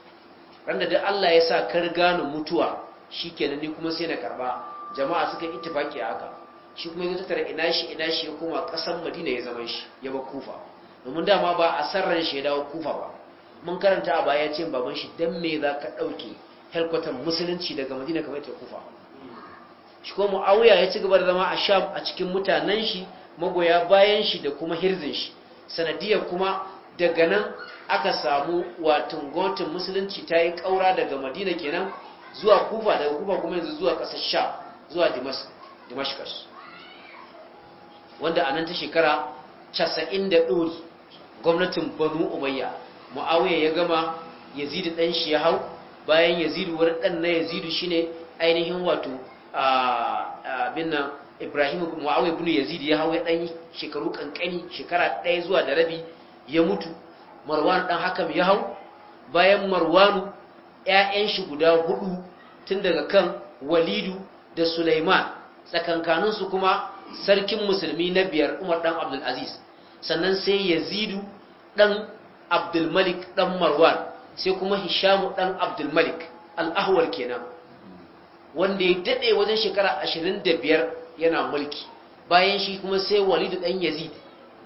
randa da Allah ya sa kar riga ni mutuwa shikenan ni kuma sai na karba jama'a suka ittifaki haka shi kuma ya tattara ina shi ina shi ya koma kasar Madina ya zama shi ya bar Kufa domin dama ba a sarran shi ya dawo Kufa ba mun karanta a baya ya ce baban shi dan me za ka dauke helkwatar musulunci daga madina kamar ta kufa shi ko mu'awiya ya ci gaba da zama a sham a cikin mutanen shi magoya bayan shi da kuma hirzin shi sanadiyar kuma daga nan aka samu watan gwamnatin musulunci ta yi ƙaura daga madina kenan zuwa kufa daga kufa kuma yanzu zuwa kasar sha zuwa dimashikas wanda a nan ta shekara casa'in da ɗori gwamnatin banu umayya mu'awiyar ya gama yazidi ɗan shi ya hau bayan yazidu wani ɗan na yazidu shine ainihin wato abin nan ibrahim mu'awai ibn yazid ya hawa ɗan shekaru kankani shekara ɗaya zuwa da rabi ya mutu marwan ɗan hakam ya hau bayan marwanu ‘ya'yan shi guda hudu tun daga kan walidu da sulaiman tsakankaninsu kuma sarkin musulmi na biyar umar ɗan abdulaziz sannan sai yazidu ɗan abdulmalik ɗan marwan sai kuma hishamu ɗan Abdulmalik, al’ahuwar kenan wanda ya daɗe wajen shekara 25 yana mulki bayan shi kuma sai walidu ɗan yazid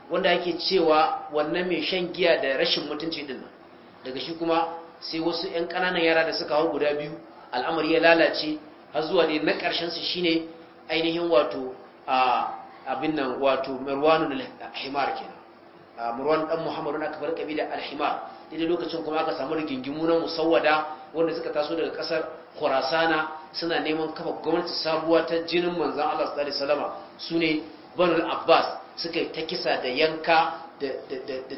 wanda ake cewa wannan mai shan giya da rashin mutunci ɗin daga shi kuma sai wasu 'yan ƙananan yara da suka hau guda biyu al'amari ya lalace har zuwa ne na ƙarshen su shine ainihin wato abin nan wato marwanun al-himar kenan marwan ɗan muhammadu na kafar kabila al-himar daidai lokacin kuma aka samu rigingimu na musawwada wanda suka taso daga kasar khurasana suna neman kafa gwamnati sabuwa ta jinin manzon Allah sallallahu alaihi su sune banul abbas suka yi ta kisa da yanka da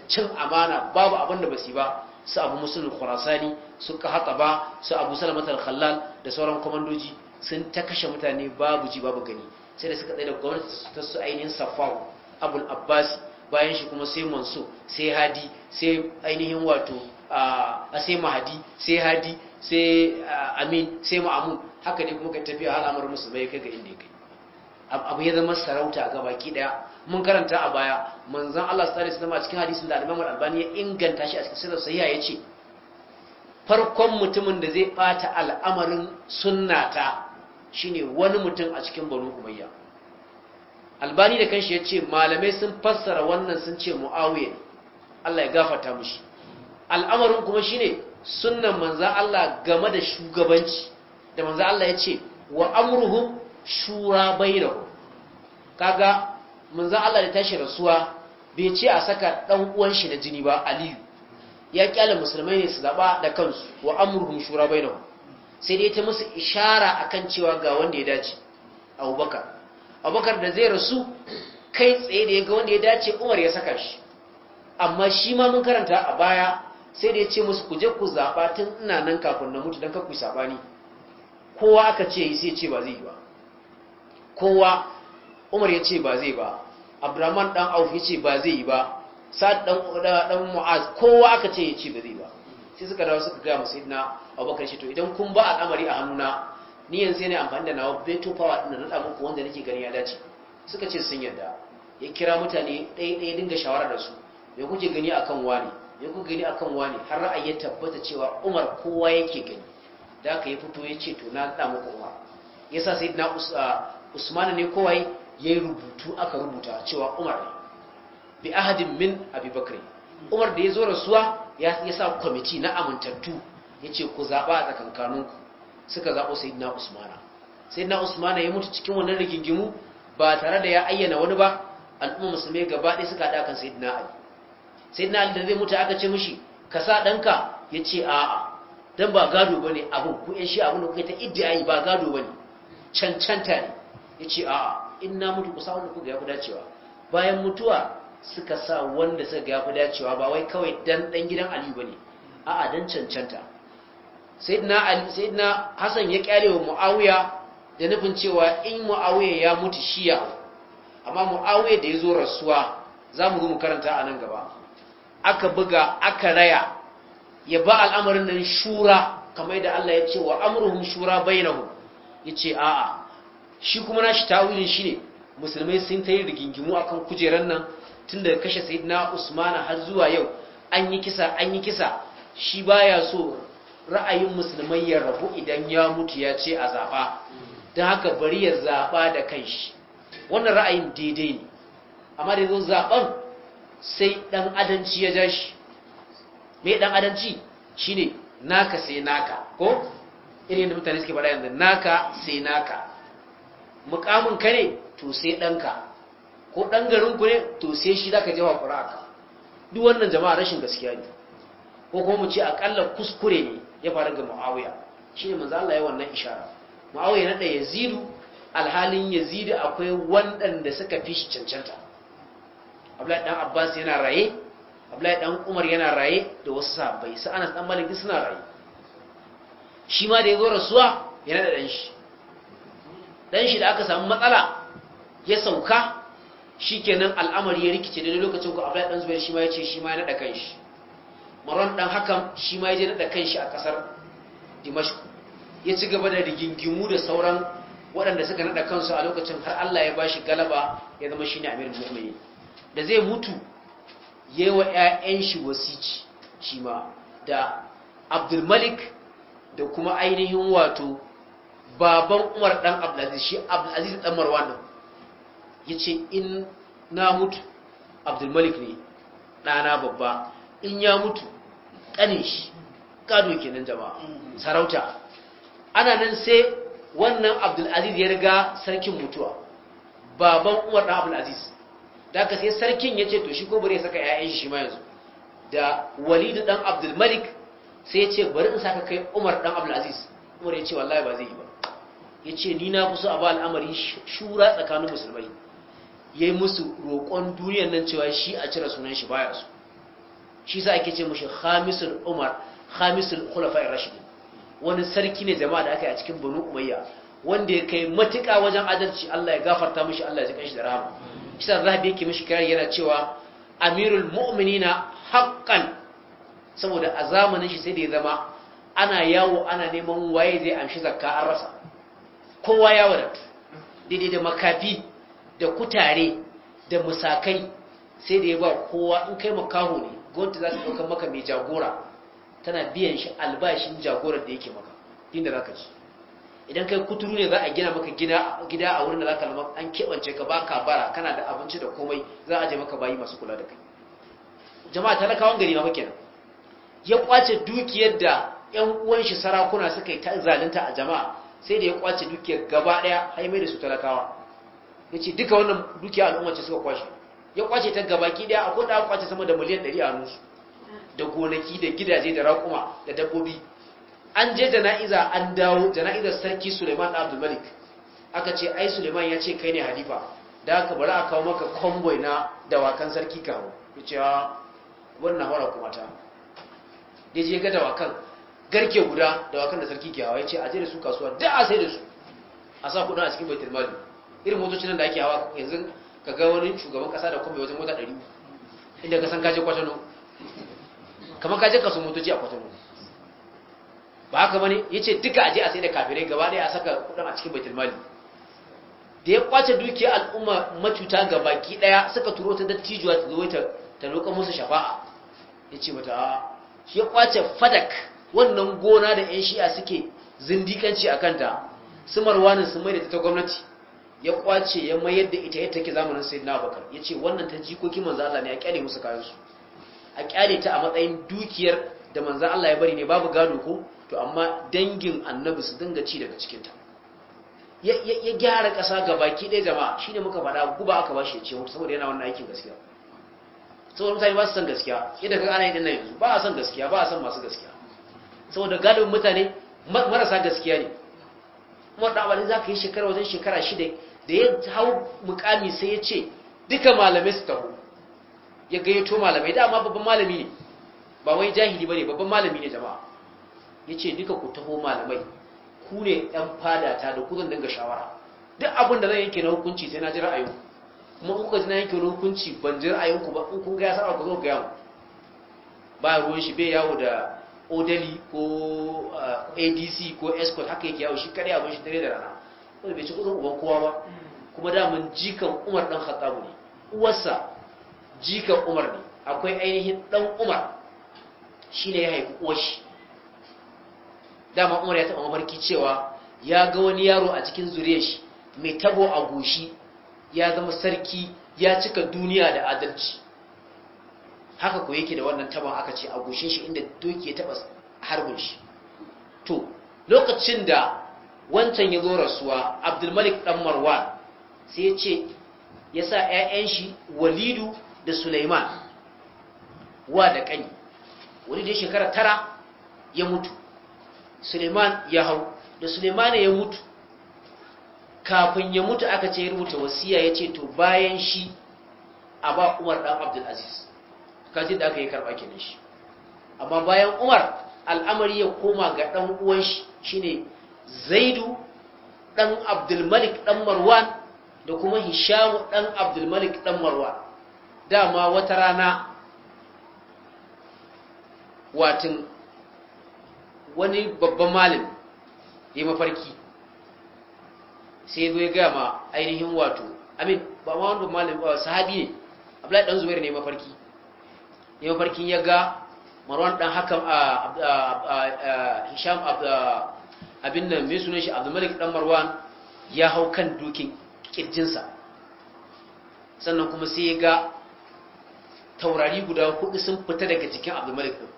cin amana babu abin da basu ba su abu musulun khurasani su kahata ba su abu al khallal da sauran kwamandoji sun ta kashe mutane babu ji babu gani sai da suka tsaye da gwamnati ta su ainihin safawu abul abbas bayan shi kuma sai manso sai hadi sai ainihin wato a sai mahadi sai hadi sai amin sai ma'amun haka ne kuma ka tafiya musu musulmai kai ga inda ya kai abu ya zama sarauta ga baki daya mun karanta a baya Manzan Allah sallallahu alaihi wasallam a cikin hadisin da al albani ya inganta shi a cikin sirrin sahiha ce. farkon mutumin da zai bata al'amarin sunnata shine wani mutum a cikin banu umayya albani da kanshi ya ce malamai sun fassara wannan sun ce mu'awiyar Allah ya gafata mushi al'amarin kuma shine sunan manza Allah game da shugabanci da manza Allah ya ce wa amruhum shura bainahu kaga manza Allah da tashi rasuwa bai ce a saka dan uwan shi na jini ba aliyu ya kyale musulmai ne su zaba da kansu wa amruhum shura bainahu sai dai ta musu ishara akan cewa ga wanda ya dace abubakar abubakar da zai rasu kai tsaye da ya ga wanda ya dace umar ya saka shi amma shi ma mun karanta a baya sai da ya ce musu kuje ku zaɓa tun ina nan kafin na mutu don kakku saɓani kowa aka ce yi sai ce ba zai yi ba kowa umar ya ce ba zai ba abraman dan auf ya ce ba zai yi ba sa'ad dan mu'az kowa aka ce ya ce ba zai ba sai suka dawo suka gaya musu idna abubakar shi to idan kun ba al'amari a hannuna ni yanzu yana amfani da nawa Beto power din da nada muku wanda nake gani ya dace suka ce sun yarda ya kira mutane ɗaya ɗaya dinga shawara da su me kuke gani akan wani me kuke gani akan wani har ra'ayi ya tabbata cewa Umar kowa yake gani da aka yi fito ya ce to na nada muku Umar yasa na Usman ne kowa yayi rubutu aka rubuta cewa Umar ne bi ahadin min Abi Bakr Umar da ya zo rasuwa ya sa kwamiti na amintattu yace ku zaɓa a tsakankaninku suka zaɓo sayyidina usmana sayyidina usmana ya mutu cikin wannan rigingimu ba tare da ya ayyana wani ba al'umma musulmai gaba ɗaya suka haɗa kan sayyidina ali sayyidina ali da zai mutu aka ce mishi ka sa ɗanka ya ce a'a dan ba gado ne abin ku yan shi abin da kuka ta iddi yi ba gado ba ne. cancanta ne ya ce a'a in na mutu ku sa wanda kuka ya fi dacewa bayan mutuwa suka sa wanda suka ya fi dacewa ba wai kawai dan ɗan gidan ba ne? a'a don cancanta sayyidina hassan ya kyale wa muawiya da nufin cewa in muawiya ya mutu shi amma muawiya da ya zo rasuwa za mu zo mu karanta a nan gaba aka buga aka raya ya ba al'amarin nan shura kamar da Allah ya ce wa amruhum shura Ya yace a'a shi kuma na nashi tawilin shine musulmai sun ta yi rigingimu akan kujerar nan tunda kashe sayyidina Usman har zuwa yau an yi kisa an yi kisa shi baya so ra'ayin musulmai ya rabu idan ya mutu ya ce a zaɓa don haka bari ya zaɓa da kanshi wannan ra'ayin daidai ne amma da zo zaɓen sai ɗan adanci ya jashi. mai ɗan adanci shi ne naka sai naka ko irin da mutane suke faɗa yanzu naka sai naka mukamin ka ne to sai ɗanka ko ɗan garin ku ne to sai shi za ka jawa ƙura duk wannan jama'a rashin gaskiya ne ko kuma mu ce akalla kuskure ne ya faru ga Shi ne manzo Allah ya wannan ishara muawiya na ɗaya yazidu alhalin yazidu akwai wanda suka fi shi cancanta Abdullahi ɗan Abbas yana raye Abdullahi ɗan Umar yana raye da wasu sabai su ana dan Malik suna raye shi ma da ya zo rasuwa yana da ɗanshi. Ɗanshi da aka samu matsala ya sauka shi kenan al'amari ya rikice da lokacin ku Abdullahi ɗan zubai shi ma ce shi ma ya nada shi maron dan hakan shi ma ya je naɗa kanshi a ƙasar dimashku ya ci gaba da rigingimu da sauran waɗanda suka naɗa kansu a lokacin har allah ya bashi galaba ya zama shi ne amirin da zai mutu ya yi wa 'ya'yan shi wasici shi ma da abdulmalik da kuma ainihin wato baban umar dan abdulaziz shi abdulaziz dan marwan ya ce in na mutu abdulmalik ne ɗana babba in ya mutu kanin shi kado kenan jama'a sarauta ana nan sai wannan abdulaziz ya riga sarkin mutuwa baban uwar ɗan abdulaziz da aka sai sarkin ya ce to shi ko bari ya saka 'ya'yan shi ma yanzu da walidu ɗan abdulmalik sai ya ce bari in saka kai umar ɗan abdulaziz umar ya ce wallahi ba zai yi ba ya ce ni na kusa a ba al'amari shura tsakanin musulmai ya yi musu roƙon duniyar nan cewa shi a cire sunan shi baya su shi sa ake ce mashi khamisul umar khamisul khulafa'ir rashidin wani sarki ne jama'a da aka yi a cikin banu umayya wanda ya kai matuƙa wajen adalci Allah ya gafarta mashi, Allah ya ka shi da rahama shi sa zahabi yake mishi yana cewa amirul mu'minina haqqan saboda a zamanin shi sai da ya zama ana yawo ana neman waye zai amshi zakka an rasa kowa ya wada, daidai da makafi da kutare da musakai sai da ya ba kowa in kai makaho ne gwamnati za ta ɗaukar maka mai jagora tana biyan shi albashin jagorar da yake maka inda za ka ci idan kai kuturu ne za a gina maka gida a wurin da za ka lamar an keɓance ka ba ka bara kana da abinci da komai za a je maka bayi masu kula da kai jama'a talakawan gari ma kenan ya kwace dukiyar da yan uwan shi sarakuna suka yi zalunta a jama'a sai da ya kwace dukiyar gaba daya har mai da su talakawa ce duka wannan dukiyar al'umma ce suka kwashe ya kwace ta gabaki daya a da aka kwace sama da miliyan 100 a nusu da gonaki da gidaje da raƙuma da dabbobi an je jana'iza an dawo jana'izar sarki Suleiman Abdul Malik aka ce ai Suleiman ya ce kai ne halifa da aka bari a kawo maka kwamboi na dawakan sarki kawo yace ah, wannan hawara kuma ta da je ga dawakan garke guda dawakan da sarki ya ce a je da su kasuwa da a sai da su a sa kudin a cikin baitulmali irin motocin da ake hawa yanzu ka ga wani shugaban kasa da kuma wajen mota ɗari inda ka san kaje kwatano kamar kaje kasu motoci a kwatano ba haka bane yace duka aje a sai da kafirai gaba ɗaya a saka kudin a cikin baitul mali da ya kwace dukiyar al'umma macuta ki ɗaya suka turo ta dattijuwa ta zo ta ta roƙa musu shafa'a yace mata a shi ya kwace fadak wannan gona da yan shi'a suke zindikanci akan ta sumarwanin su mai da ta gwamnati ya kwace ya mayar da ita ya take zamanin sayyidina abubakar ya ce wannan ta jikoki manzan Allah ne a kyale musu kayansu a kyale ta a matsayin dukiyar da manzan Allah ya bari ne babu gado ko to amma dangin annabi su dinga ci daga cikinta ya gyara ƙasa ga baki ɗaya jama'a ne muka faɗa guba aka ba shi ya ce saboda yana wannan aikin gaskiya saboda mutane ba su san gaskiya idan kan ana yi dinna yanzu ba a san gaskiya ba a san masu gaskiya saboda galibin mutane marasa gaskiya ne umar dan abalin zaka yi shekara wajen shekara shida da ya hau mukami sai ya ce duka malamai su taho ya gayyato malamai dama babban malami ne ba wai jahili bane babban malami ne jama'a Ya ce duka ku taho malamai ku ne ɗan fada ta da ku zan dinga shawara duk abin da zan yanke na hukunci sai na ji ra'ayin kuma kuka ji na yanke na hukunci ban ji ra'ayin ku ba in kun ga ya saba ku zo ga yamu ba ruwan shi bai yawo da odali ko adc ko eh, escort haka yake yawo shi kare abin shi dare da rana wanda bai ci kudin uban kowa ba kuma damun jikan umar dan khattabu ne uwarsa jikan umar ne akwai ainihin dan umar shi ne ya haifi uwar shi dama umar ya taɓa mafarki cewa ya ga wani yaro a cikin zuriyar shi mai tabo a goshi ya zama sarki ya cika duniya da adalci haka ko yake da wannan taban aka ce a gushe shi inda doki ya taba harbin shi to lokacin da wancan ya zo rasuwa abdulmalik dan marwan sai ya ce ya sa 'ya'yan shi walidu da suleiman wa da kani walidu ya shekara tara ya mutu suleiman ya hau da suleiman ya mutu kafin ya mutu aka ce ya rubuta wasiya ya ce to bayan shi a ba umar dan abdulaziz kaji da aka yi karɓa kenan shi amma bayan umar al'amari ya koma ga ɗan uwan shi shine zaidu ɗan abdulmalik ɗan marwan da kuma hishamu ɗan abdulmalik ɗan marwan dama wata rana watin wani babban malim ya mafarki sai zo ya gaya ma ainihin wato amin ba ma wani malim ba sahabi ne abdullahi dan zubair ne mafarki ya farkin ya ga marwan dan hakan hisham abin nan mai sunan shi abdulmalik dan marwan ya hau kan dukin kirjinsa sannan kuma sai ya ga taurari guda hudu sun fita daga cikin abdulmalik ɗin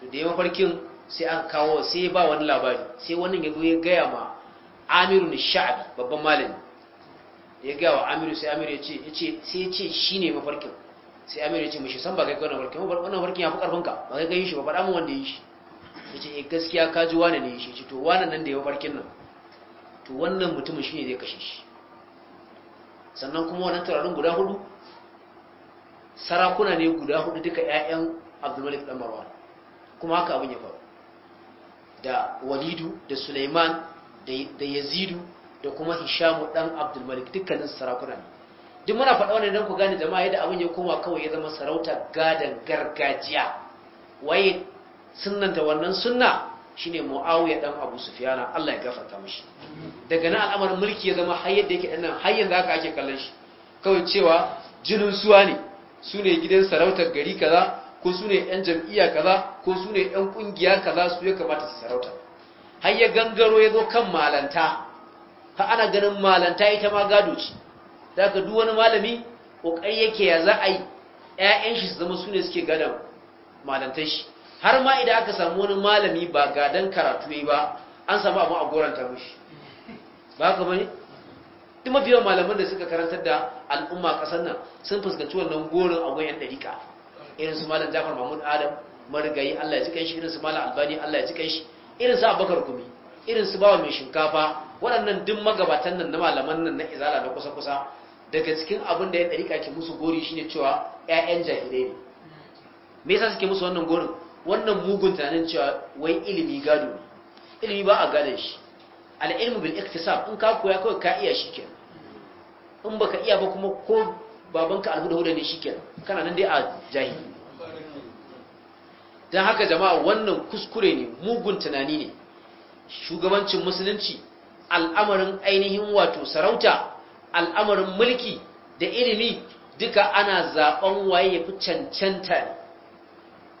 to da ya mafarkin sai an kawo sai ba wani labari sai wannan ya ya gaya ma amiru na sha'abi babban malami ya gaya wa amiru sai amiru ya ce sai ya ce shi ne mafarkin sai amir ya ce mashi san ba kai wannan ba wannan warkin ya fi karfin ka ba kai kai shi ba faɗa min wanda ya yi shi ya ce e gaskiya ka ji wani ne shi ce to wane nan da ya warkin nan to wannan mutumin shi ne zai kashe shi sannan kuma wannan turarin guda hudu sarakuna ne guda hudu duka ƴaƴan Abdulmalik dan Marwan kuma haka abin ya faru da Walidu da suleiman da Yazidu da kuma Hishamu dan Abdulmalik dukkanin sarakuna ne duk muna faɗa wannan don ku gane jama'a yadda abin ya koma kawai ya zama sarauta gadan gargajiya waye sunnanta wannan sunna shine Muawiya dan Abu Sufyan Allah ya gafarta mishi daga nan al'amarin mulki ya zama har yadda yake dan nan har yanzu haka ake kallon shi kawai cewa jinin suwa ne su ne gidan sarautar gari kaza ko su ne yan jam'iyya kaza ko su ne yan kungiya kaza su ya kamata su sarauta har ya gangaro ya zo kan malanta har ana ganin malanta ita ma gado ce da ka duk wani malami kokari yake ya za a yi 'ya'yan shi su zama su ne suke gada malantar shi har ma idan aka samu wani malami ba gadon karatu yi ba an samu abu a goranta mishi ba ka bane duk mafi yawan malaman da suka karantar da al'umma kasar nan sun fuskanci wannan gorin a wayan ɗariƙa irin su malam jafar mahmud adam marigayi allah ya ji shi irin su malam albani allah ya ji shi irin su abubakar kumi irin su bawa mai shinkafa waɗannan duk magabatan nan na malaman nan na izala na kusa-kusa daga cikin abin da ya ɗariƙa ke musu gori shine cewa 'ya'yan jahilai ne me yasa suke musu wannan gorin wannan mugun tunanin cewa wai ilimi gado ne ilimi ba a gadon shi al’ilmi bil iktisab in ka koya kawai ka iya shi kenan in baka iya ba kuma ko babanka alhuda-huda ne shi kenan kana nan dai a jahi don haka jama'a wannan kuskure ne mugun tunani ne shugabancin musulunci al'amarin ainihin wato sarauta al'amarin mulki da ilimi duka ana zaɓon waye ya fi cancanta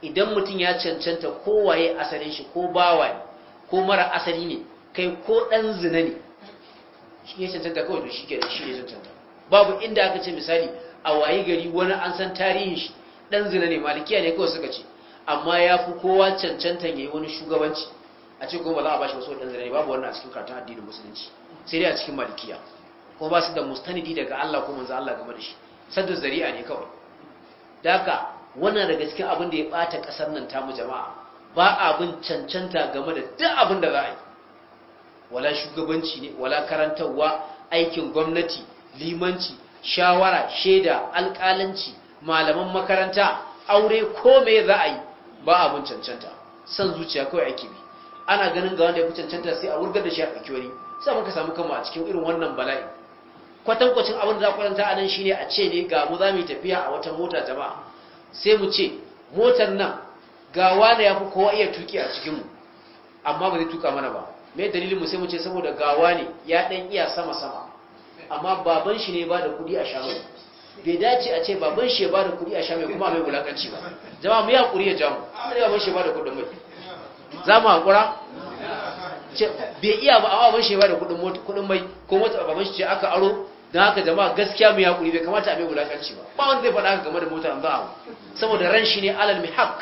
idan mutum ya cancanta ko waye asalin shi ko bawa ne ko mara asali ne kai ko ɗan zina ne shi ya cancanta kawai shi ke shi ne cancanta babu inda aka ce misali a waye gari wani an san tarihin shi ɗan zina ne malikiya ne kawai suka ce amma ya fi kowa cancanta ya yi wani shugabanci a ce kuma ba za a ba shi wasu ɗan zina ne babu wannan a cikin karatun addinin musulunci sai dai a cikin malikiya ko ba su da mustanidi daga Allah ko manzo Allah game da shi saddu zari'a ne kawai daka wannan daga cikin abin da ya bata kasar nan ta mu jama'a ba abin cancanta game da duk abin da za a yi wala shugabanci ne wala karantarwa aikin gwamnati limanci shawara shaida alƙalanci malaman makaranta aure ko me za a yi ba abin cancanta san zuciya kawai ake bi ana ganin ga wanda ya fi cancanta sai a wurgar da shi a ɗauki wani sai muka samu kama a cikin irin wannan bala'i kwatankwacin abin da za kwatanta a nan shi ne a ce ne ga mu za mu tafiya a wata mota jama'a sai mu ce motar nan ga wane ya fi kowa iya tuki a cikinmu amma ba zai tuka mana ba mai dalilin mu sai mu ce saboda gawa ne ya ɗan iya sama-sama amma baban shi ne ba da kuɗi a shamai bai dace a ce baban shi ba da kuɗi a shamai kuma mai wulakanci ba jama'a mu ya ƙuri ya jamu amma ne baban shi ba da kuɗin mai za mu haƙura bai iya ba amma ban shi ba da kudin mai ko mota ba shi ce aka aro don haka jama'a gaskiya mai hakuri bai kamata a mai wulakanci ba ba wanda zai faɗa haka game da mota an za'a saboda ran shi ne alal mai haq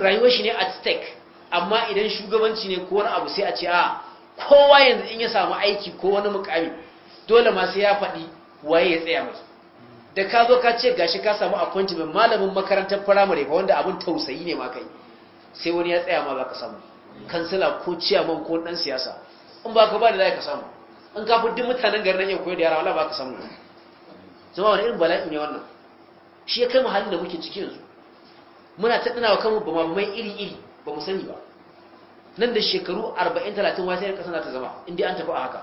rayuwar shi ne at stake amma idan shugabanci ne ko wani abu sai a ce a kowa yanzu in ya samu aiki ko wani mukami dole ma sai ya faɗi waye ya tsaya mai da ka zo ka ce gashi ka samu appointment malamin makarantar firamare ba wanda abun tausayi ne ma kai sai wani ya tsaya ma za ka samu kansila ko ciyaman ko dan siyasa in ba ka ba da za ka samu in ka duk mutanen garin yau ya koyar da yara wala ba ka samu zama wani irin bala'i ne wannan shi ya kai halin da muke cikin yanzu muna ta dinawa kanmu ba ma mai iri iri ba mu sani ba nan da shekaru 40 30 wata ne kasa ta zama in dai an tafi a haka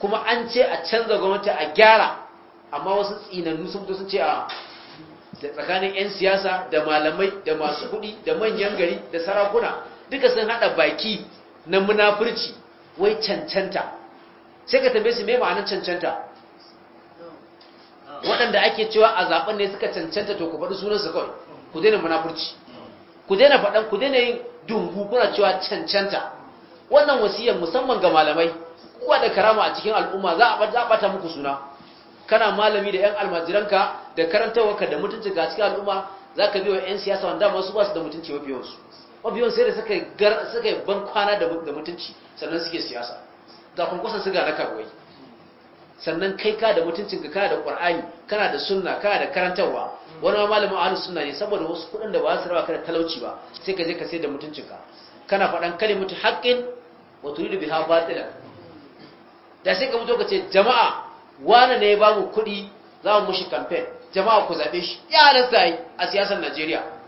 kuma an ce a canza gwamnati a gyara amma wasu tsinannu sun fito sun ce a da tsakanin 'yan siyasa da malamai da masu kuɗi da manyan gari da sarakuna duka sun hada baki na munafurci wai cancanta sai ka tambaye su me ma'anar cancanta waɗanda ake cewa a zaben ne suka cancanta to ku faɗi sunansa kawai ku daina munafurci ku daina faɗan ku daina yin dungu kuna cewa cancanta wannan wasiyar musamman ga malamai kuwa da karama a cikin al'umma za a bata muku suna kana malami da 'yan almajiranka da karantarwarka da mutunci ga cikin al'umma za ka biyo 'yan siyasa wanda masu ba da mutunci mafi yawansu mabiyan sai da suka yi ban kwana da mutunci sannan suke siyasa ga kwankwasan suga na karuwai sannan kai ka da mutuncin ka da ƙwar'ani kana da sunna ka da karantarwa wani ma malamin ahlus sunna ne saboda wasu kuɗin da ba su raba ka da talauci ba sai ka je ka sayar da ka kana faɗan kalimatu haqqin wa turidu biha batila da sai ka mutu ka ce jama'a wani ne ya bamu kuɗi za mu mushi campaign jama'a ku zaɓe shi ya halatta a siyasar Najeriya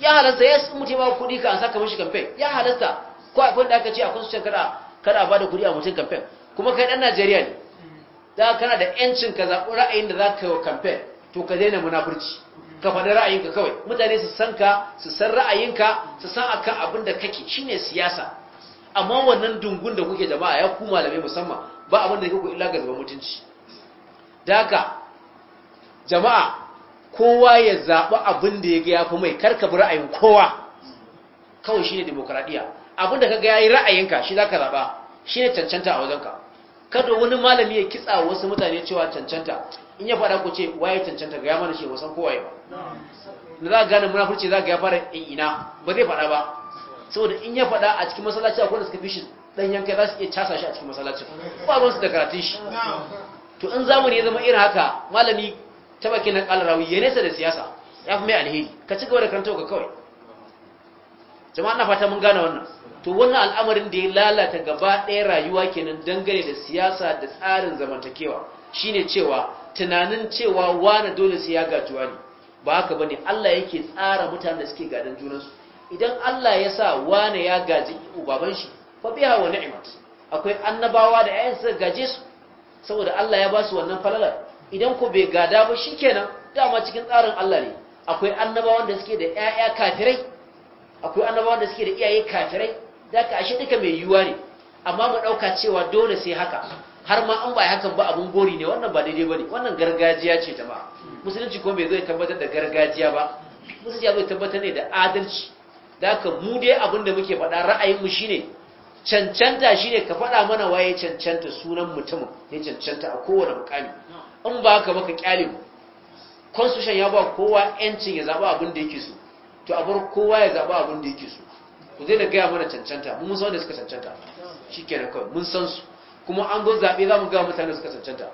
ya halasta ya mutu mutum ba kuɗi ka an saka mashi kamfen ya halasta ko a kwanda aka ce a kusurcin kada kada ba da kuɗi a mutum kamfen kuma kai dan najeriya ne za kana da yancin ka zaɓi ra'ayin da za ka yi wa kamfen to ka daina munafurci ka faɗi ra'ayinka kawai mutane su san ka su san ra'ayinka su san akan abin da kake shine siyasa amma wannan dungun da kuke jama'a ya ku malamai musamman ba abin da kuke illa ga zuba mutunci da jama'a kowa ya zaɓi abin da ya kuma ya fi mai bi ra'ayin kowa kawai shi ne demokuraɗiyya abin da ka gaya yi ra'ayinka shi za ka zaɓa shi ne cancanta a wajenka kada wani malami ya kitsa wasu mutane cewa cancanta in ya faɗa ku ce waye cancanta ga ya mana shi wasan kowa ya ba Na za a gane munafurci za ga ya fara in ina ba zai faɗa ba saboda in ya faɗa a cikin masallaci akwai da suka fi shi dan yanka za su iya casa shi a cikin masallacin ba su da karatun shi to in zamani ya zama irin haka malami ta baki na ƙala ya nesa da siyasa ya fi mai alheri ka ci gaba da kanta ka kawai jama'a na fata mun gane wannan to wannan al'amarin da ya lalata gaba ɗaya rayuwa kenan dangane da siyasa da tsarin zamantakewa shine cewa tunanin cewa wani dole sai ya gajuwa ne ba haka ba ne Allah yake tsara mutanen da suke gadon junansu idan Allah ya sa wani ya gaji ubaban shi fa biya wa ni'mat akwai annabawa da ayyan gaje su saboda Allah ya ba su wannan falalar idan ku bai gada ba shi kenan dama cikin tsarin Allah ne akwai annaba da suke da ƴaƴa kafirai akwai annabawan da suke da iyaye kafirai daka ashe duka mai yiwuwa ne amma mu dauka cewa dole sai haka har ma an bai hakan ba abun gori ne wannan ba daidai bane wannan gargajiya ce ta ba musulunci ko bai zai tabbatar da gargajiya ba musulunci zai tabbatar ne da adalci daka mu dai abin da muke faɗa ra'ayin mu shine cancanta shine ka faɗa mana waye cancanta sunan mutumin ya cancanta a kowane mukami in ba ka baka kyale mu constitution ya ba kowa yancin ya zaba abin da yake so to a bar kowa ya zaba abin da yake so ku zai na gaya mana cancanta mun san wanda suka cancanta Shi shikenan kawai mun san su kuma an zo zaɓe za mu ga mutane suka cancanta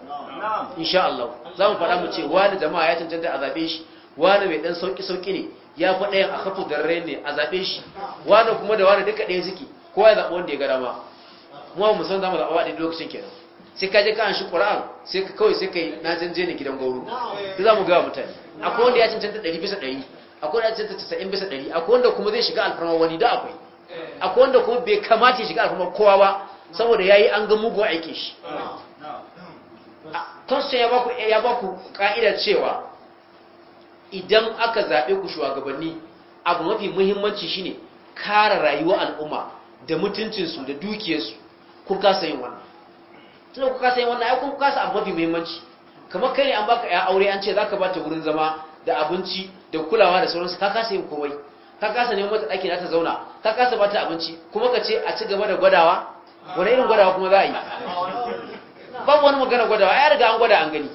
insha Allah za mu faɗa mu ce wani jama'a ya cancanta a zaɓe shi wani mai ɗan sauƙi-sauƙi ne ya faɗa yin a kafu garre ne a zaɓe shi wani kuma da wani duka ɗaya ziki kowa ya zaɓi wanda ya gara ma mu mu san za mu zaɓa waɗin lokacin kenan sai ka je ka an shi ƙura'an sai ka kawai sai ka yi na zanje ne gidan gauru da za mu gawa mutane akwai wanda ya cancanta ɗari bisa ɗari akwai wanda ya cancanta tasa'in bisa ɗari akwai wanda kuma zai shiga alfarma wani da akwai eh. akwai wanda kuma bai kamata ya shiga alfarma kowa ba saboda ya yi an ga mugun aikin shi kansu ya ya baku ka'ida cewa idan aka zaɓe ku shugabanni abu mafi muhimmanci shine kare rayuwar al'umma da mutuncinsu da dukiyarsu kun kasa yin wannan tunda ku kasa yin wannan ai kun kasa abu mafi muhimmanci kamar kai ne an baka ya aure an ce zaka bata wurin zama da abinci da kulawa da sauransu ka kasa yin komai ka kasa neman mata ɗaki na ta zauna ka kasa bata abinci kuma ka ce a ci gaba da gwadawa wani irin gwadawa kuma za a yi babu wani magana gwadawa ya riga an gwada an gani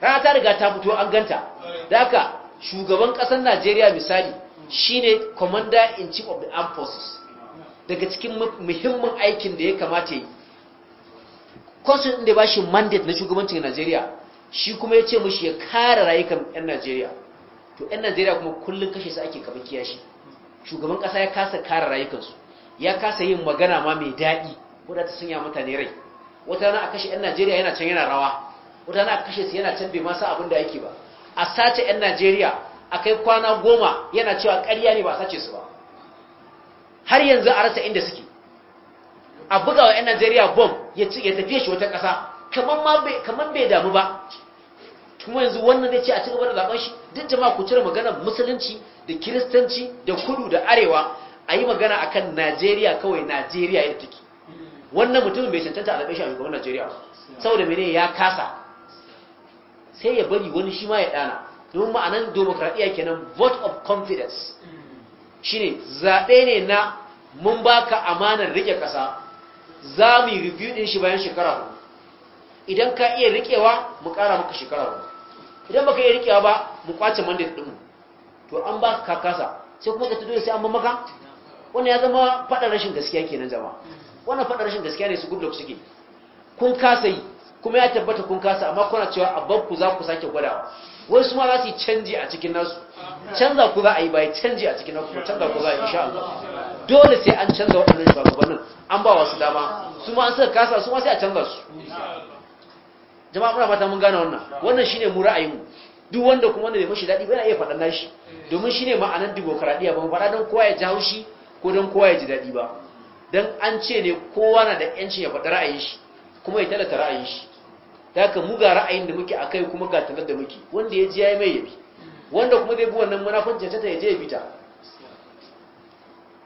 rana ta riga ta fito an ganta da haka shugaban ƙasar najeriya misali shine commander in chief of the armed forces daga cikin muhimmin aikin da ya kamata yi constitution din da ba shi mandate na shugabancin Najeriya shi kuma ya ce mushi ya kare rayukan 'yan Najeriya to 'yan Najeriya kuma kullum kashe su ake kaba kiyashi shugaban ƙasa ya kasa kare rayukansu ya kasa yin magana ma mai daɗi da ta sanya mutane rai wata rana a kashe 'yan Najeriya yana can yana rawa wata rana a kashe su yana can bai sa abin da yake ba a sace 'yan Najeriya a kai kwana goma yana cewa ƙarya ne ba a sace su ba har yanzu a rasa inda suke a buga wa 'yan Najeriya bomb ya ci ya tafiye shi wata ƙasa kamar bai damu ba kuma yanzu wannan da ce a cikin da zaben shi duk jama'a ku cire magana musulunci da kiristanci da kudu da arewa a yi magana akan najeriya kawai najeriya ya take wannan mutumin bai cancanta a zaɓe shi a shugaban najeriya saboda mene ya kasa sai ya bari wani shi ma ya ɗana domin ma'anan demokradiyya kenan vote of confidence shine zaɓe ne na mun baka amanar rike kasa za mu yi review din shi bayan shekara idan ka iya rikewa mu kara maka shekara idan baka iya rikewa ba mu kwace mandate din mu to an ba ka kasa sai kuma ka tudo sai an ba maka wannan ya zama fada rashin gaskiya kenan jama'a wannan fada rashin gaskiya ne su goodluck suke kun kasa yi kuma ya tabbata kun kasa amma kuna cewa abban ku za ku sake gwadawa wai su ma za su yi canji a cikin nasu canza ku za a yi bai canji a cikin nasu canza ku za a yi insha Allah dole sai an canza waɗannan shugabannin an ba wasu dama su ma an suka kasa su ma sai a canza su jama'a muna fata mun gane wannan wannan shine mu ra'ayinmu duk wanda kuma wanda bai mashi daɗi ba yana iya faɗan nashi domin shine ma'anar dimokuraɗiyya ba mu faɗa don kowa ya ji haushi ko don kowa ya ji daɗi ba don an ce ne kowa na da yancin ya faɗi ra'ayin shi kuma ya talata ra'ayin shi da haka mu ga ra'ayin da muke a kai kuma ga talar da muke wanda ya ji ya yi mai yabi wanda kuma zai bi wannan munafancin ta ya je ya bita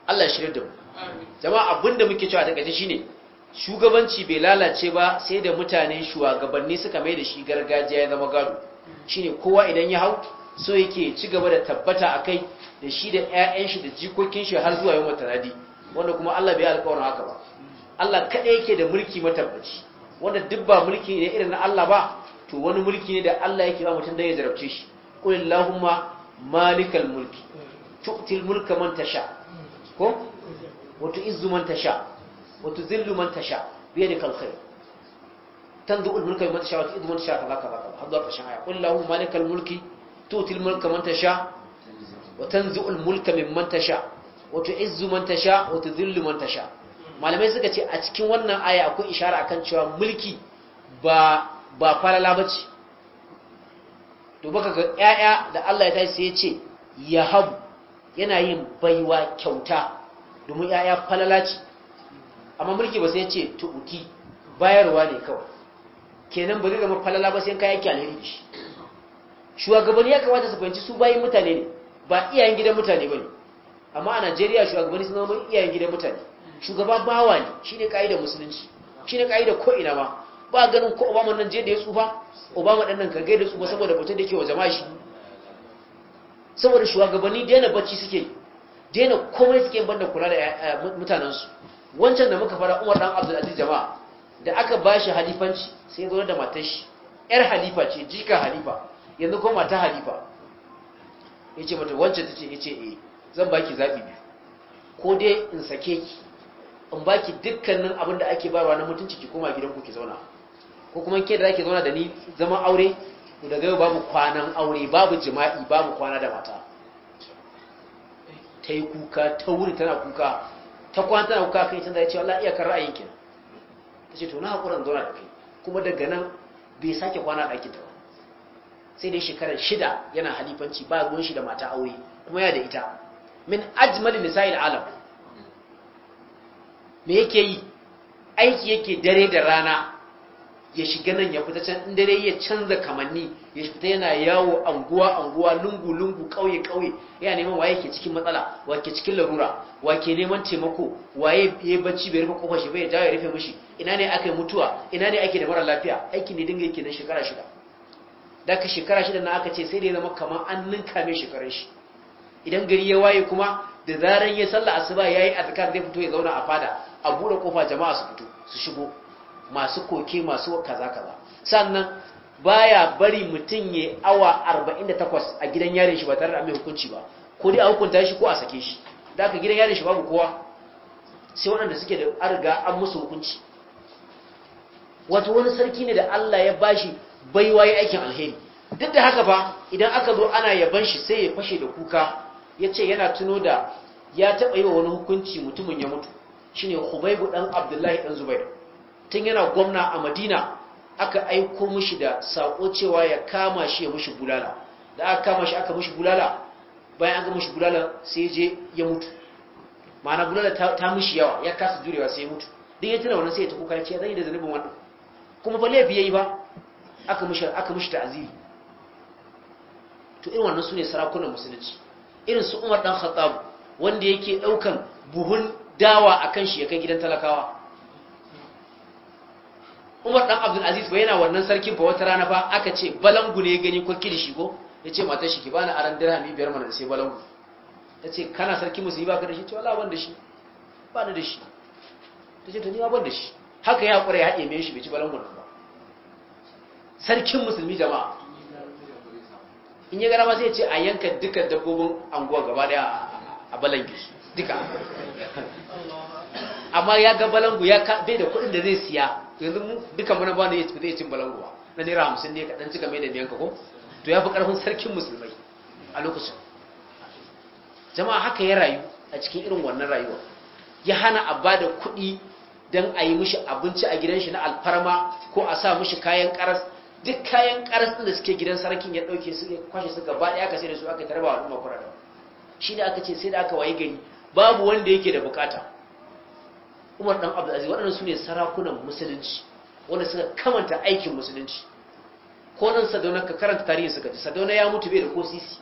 Allah ya shirya da mu jama'a abinda muke cewa ta kace shine shugabanci bai lalace ba sai da mutane shugabanni suka mai da shi gargajiya ya zama gado shine kowa idan ya hau so yake ci gaba da tabbata akai da shi da ƴaƴan shi da jikokin shi har zuwa yawmut tanadi wanda kuma Allah bai alƙawarin haka ba Allah kaɗai yake da mulki matabbaci wanda duk ba mulki ne irin na Allah ba to wani mulki ne da Allah yake ba mutum da ya zarafce shi qul lahumma malikal mulki tu'til mulka man tasha ko wato izu man sha wato zillu man sha biye da kalkhair tanzu ul mulka man sha wato izu man sha kaza kaza kaza har zuwa ƙarshen aya qul lahu malikal mulki tutil mulka man sha wa tanzu ul mulka mimman sha wato izu man sha wato zillu man sha. malamai suka ce a cikin wannan aya akwai ishara akan cewa mulki ba ba falala bace to baka ga ƴaƴa da Allah ya tashi sai ya ce yahabu yana yin baiwa kyauta domin yaya falala ce amma mulki ba sai ce tuki bayarwa ne kawai kenan ba zai zama falala ba sai ka yake alheri shi shugabanni ya kamata su fahimci su bayin mutane ne ba iyayen gidan mutane ba ne amma a najeriya shugabanni sun zama iyayen gidan mutane shugaba bawa ne shine kaida musulunci shine kaida ko ina ma ba ganin ko obama nan je da ya tsufa obama ɗan nan kage da tsufa saboda mutum da ke wa jama'a shi saboda shugabanni daina bacci suke daina komai suke banda kula da eh, eh, mutanensu wancan da muka fara umar dan abdulaziz jama'a da aka ba shi halifanci sai ya zo da matar shi yar halifa ce jika halifa yanzu ko mata halifa ya ce mata wancan tace yace eh zan baki zaɓi biyu ko dai in sake ki in baki dukkanin abin da ake barwa na mutunci ki koma gidanku ku ki zauna ko kuma ke da ake zauna da ni zaman aure to daga yau babu kwanan aure babu jima'i babu kwana da mata ta yi kuka ta wuri tana kuka ta kwana tana kuka kai canza ya ce iya iyakar ra'ayin kina ta ce to na haƙuran zauna da kai kuma daga nan bai sake kwana ɗakin ta ba sai dai shekarar shida yana halifanci ba ruwan shi da mata aure kuma ya da ita min ajmalin nisa'il alam me yake yi aiki yake dare da rana ya shiga nan ya fita can inda dai ya canza kamanni ya fita yana yawo anguwa anguwa lungu lungu kauye kauye yana neman waye ke cikin matsala wake cikin larura wake neman taimako waye ya bacci bai rufe kofar shi bai dawo ya rufe mishi ina ne aka mutuwa ina ne ake da mara lafiya aiki ne dinga yake na shekara shida da ka shekara shida na aka ce sai da ya zama kamar an ninka mai shekarun shi idan gari ya waye kuma da zaran ya sallah asuba yayi azkar zai fito ya zauna a fada a bude kofa jama'a su fito su shigo masu koke masu kaza kaza sannan baya bari mutum ya awa arba'in da 48 a gidan yarin shi ba tare da hukunci ba ko dai a hukunta shi ko a sake shi da aka gidan yarin shi babu kowa sai waɗanda suke da arga an musu hukunci wato wani sarki ne da Allah ya bashi baiwa ya aikin alheri duk da haka ba idan aka zo ana yaban shi sai ya fashe da kuka ya ce yana tuno da ya taɓa yi wa wani hukunci mutumin ya mutu shine hubaibu ɗan abdullahi ɗan zubair tun yana gwamna a madina aka aiko mushi da sako cewa ya kama shi ya mushi bulala da aka kama shi aka mushi bulala bayan an ga mushi bulala sai je ya mutu ma'ana bulala ta, mushi yawa ya kasa jurewa sai ya mutu duk ya tuna wannan sai ya ta kuka ya zai zan yi da zanibin wannan kuma ba laifi yi ba aka mushi aka mushi ta'aziri to irin wannan sune sarakunan musulunci irin su Umar dan Khattab wanda yake daukan buhun dawa akan shi ya kai gidan talakawa umar dan abdul aziz ba yana wannan sarkin ba wata rana fa aka ce balangu ne gani ko kilishi ko yace matar shi ki bani aran dirhami biyar mana sai balangu tace kana sarki musulmi baka da shi ce wallahi ban da shi ba da shi tace to ni ma ban da shi haka ya kure ya hade shi bai ci balangu ba sarkin musulmi jama'a in ya gara ma sai ce a yanka dukkan dabbobin anguwa gaba daya a balangu duka amma ya ga balangu ya bai da kuɗin da zai siya yanzu duka muna ba ne zai cin balanguwa na naira hamsin ne kadan cika mai da biyan ko to ya fi karfin sarkin musulmai a lokacin jama'a haka ya rayu a cikin irin wannan rayuwa ya hana a ba da kuɗi don a yi mishi abinci a gidan shi na alfarma ko a sa mishi kayan karas duk kayan karas ɗin da suke gidan sarkin ya ɗauke su kwashe su gaba ɗaya aka sai da su aka tarba al'umma da shi da aka ce sai da aka wayi gari babu wanda yake da bukata umar dan abdulaziz waɗannan su ne sarakunan musulunci wanda suka kamanta aikin musulunci ko nan sadauna ka karanta tarihin suka ji sadauna ya mutu bai da ko sisi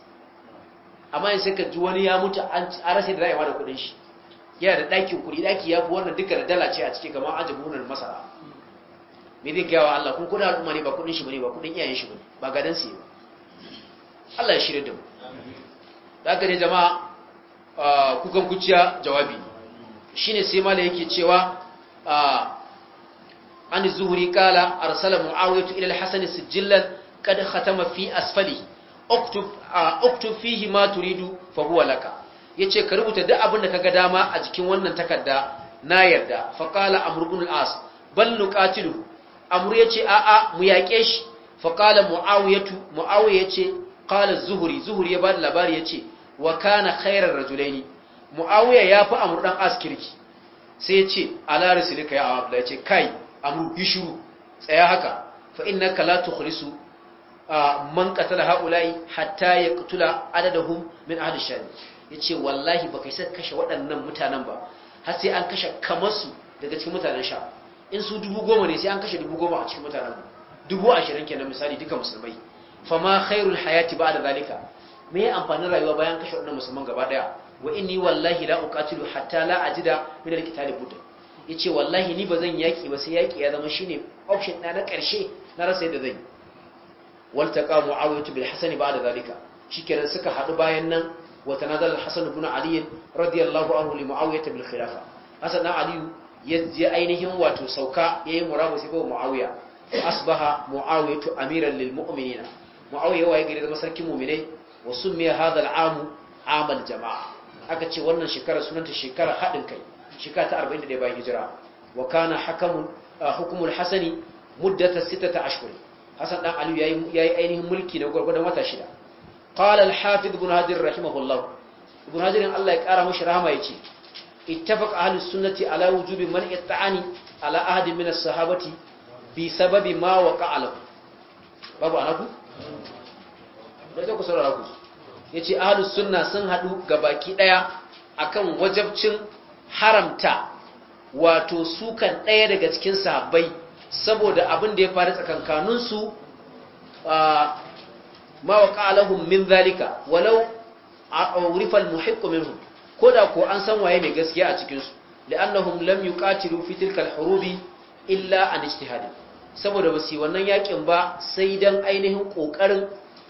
amma yin sai ka ji wani ya mutu an rasa da rayuwa da kuɗin shi yana da ɗakin kuɗi ɗaki ya fi wannan duka da dala ce a ciki kamar ajiye buhunan masara me zai gawa wa Allah kun kuna al'umma ne ba kuɗin shi bane ba kuɗin iyayen shi bane ba gadon su ba Allah ya shirya da mu da haka ne jama'a ah, kukan kuciya jawabi shine sai mala yake cewa an zuhuri kala arsala muawiyatu ila al-hasan sijillan kad khatama fi asfali uktub uktub fihi ma turidu fa huwa yace ka rubuta duk abin da kaga dama a jikin wannan takarda na yarda fa qala amr ibn al-as bal nuqatilu amr yace a a mu yake shi fa qala muawiyatu muawiya yace qala zuhuri zuhuri ya bada labari yace wa kana khairar rajulaini muawiya ya fi amur ɗan askirki sai ya ce ala silika ya abdullahi ya ce kai amur yi shuru tsaya haka fa innaka la a man qatala haula'i hatta ya yaqtula adadahun min ahli shari ce wallahi ba kai sai kashe waɗannan mutanen ba har sai an kashe kamar su daga cikin mutanen sha in su dubu goma ne sai an kashe dubu goma a cikin mutanen dubu ashirin kenan misali duka musulmai fama khairul hayati ba da zalika me ya amfanin rayuwa bayan kashe waɗannan musulman gaba ɗaya wa inni wallahi la uqatilu hatta la ajida min al-qitali budda yace wallahi ni bazan yaki ba sai yaki ya zama shine option na na karshe na rasa yadda zan yi wal taqa muawiyah bil hasan ba'da zalika shikenan suka hadu bayan nan wa tanazal al-hasan ibn ali radiyallahu anhu li muawiyah bil khilafa hasan na ali ya ainihin wato sauka yayi murabus ba muawiya asbaha muawiyah amiran lil mu'minina muawiya waye gari zama sarkin mu'minai wa summiya hadha al-amu amal jama'a aka ce wannan shekara sunanta shekara haɗin kai shekara ta 41 bayan hijira wa kana hakamun hukumul hasani muddata sita ta ashhur hasan ɗan aliyu ya yi ainihin mulki na gurgurdan wata shida qala al hafiz ibn hajar rahimahullah ibn hajar Allah ya ƙara mashi rahama ya yace ittafaq ahlus sunnati ala wujubi man itta'ani ala ahadi min as-sahabati bi sababi ma waqa'a lahu babu anaku da ku saurara ku yace ahlus sunna sun haɗu ga baki ɗaya akan wajabcin haramta wato sukan ɗaya daga cikin sahabbai saboda abin da ya faru tsakankaninsu su ma min zalika walau a al-muhiq ko da ko an san waye mai gaskiya a cikinsu. da li'annahum lam yuqatilu fi tilka al illa a nishtihadi saboda basu yi wannan yakin ba sai don ainihin ƙoƙarin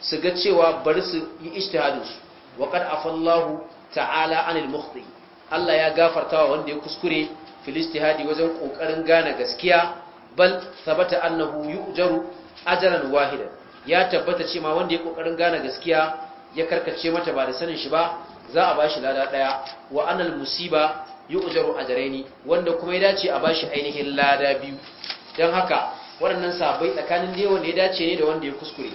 su ga cewa bari su yi ijtihadin su wa afallahu ta'ala anil mukhti Allah ya gafarta wa wanda ya kuskure fil wajen kokarin gane gaskiya bal sabata annahu yu'jaru ajran wahidan ya tabbata cewa wanda ya kokarin gane gaskiya ya karkace mata ba da sanin shi ba za a bashi lada daya wa anal musiba yu'jaru ajraini wanda kuma ya dace a bashi ainihin lada biyu dan haka waɗannan sabai tsakanin dai wanda ya dace ne da wanda ya kuskure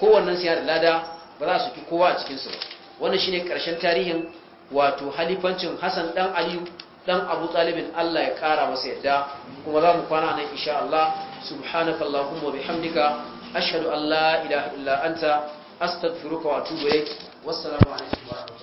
kowannan su da lada ba za su ki kowa a cikinsu ba wannan shine karshen tarihin wato halifancin Hassan ɗan Aliyu dan Abu Talibin Allah ya kara masa yadda kuma za mu kwana nan insha Allah subhanakallahumma wa bihamdika ashhadu an la anta astaghfiruka wa atubu ilaik wassalamu alaikum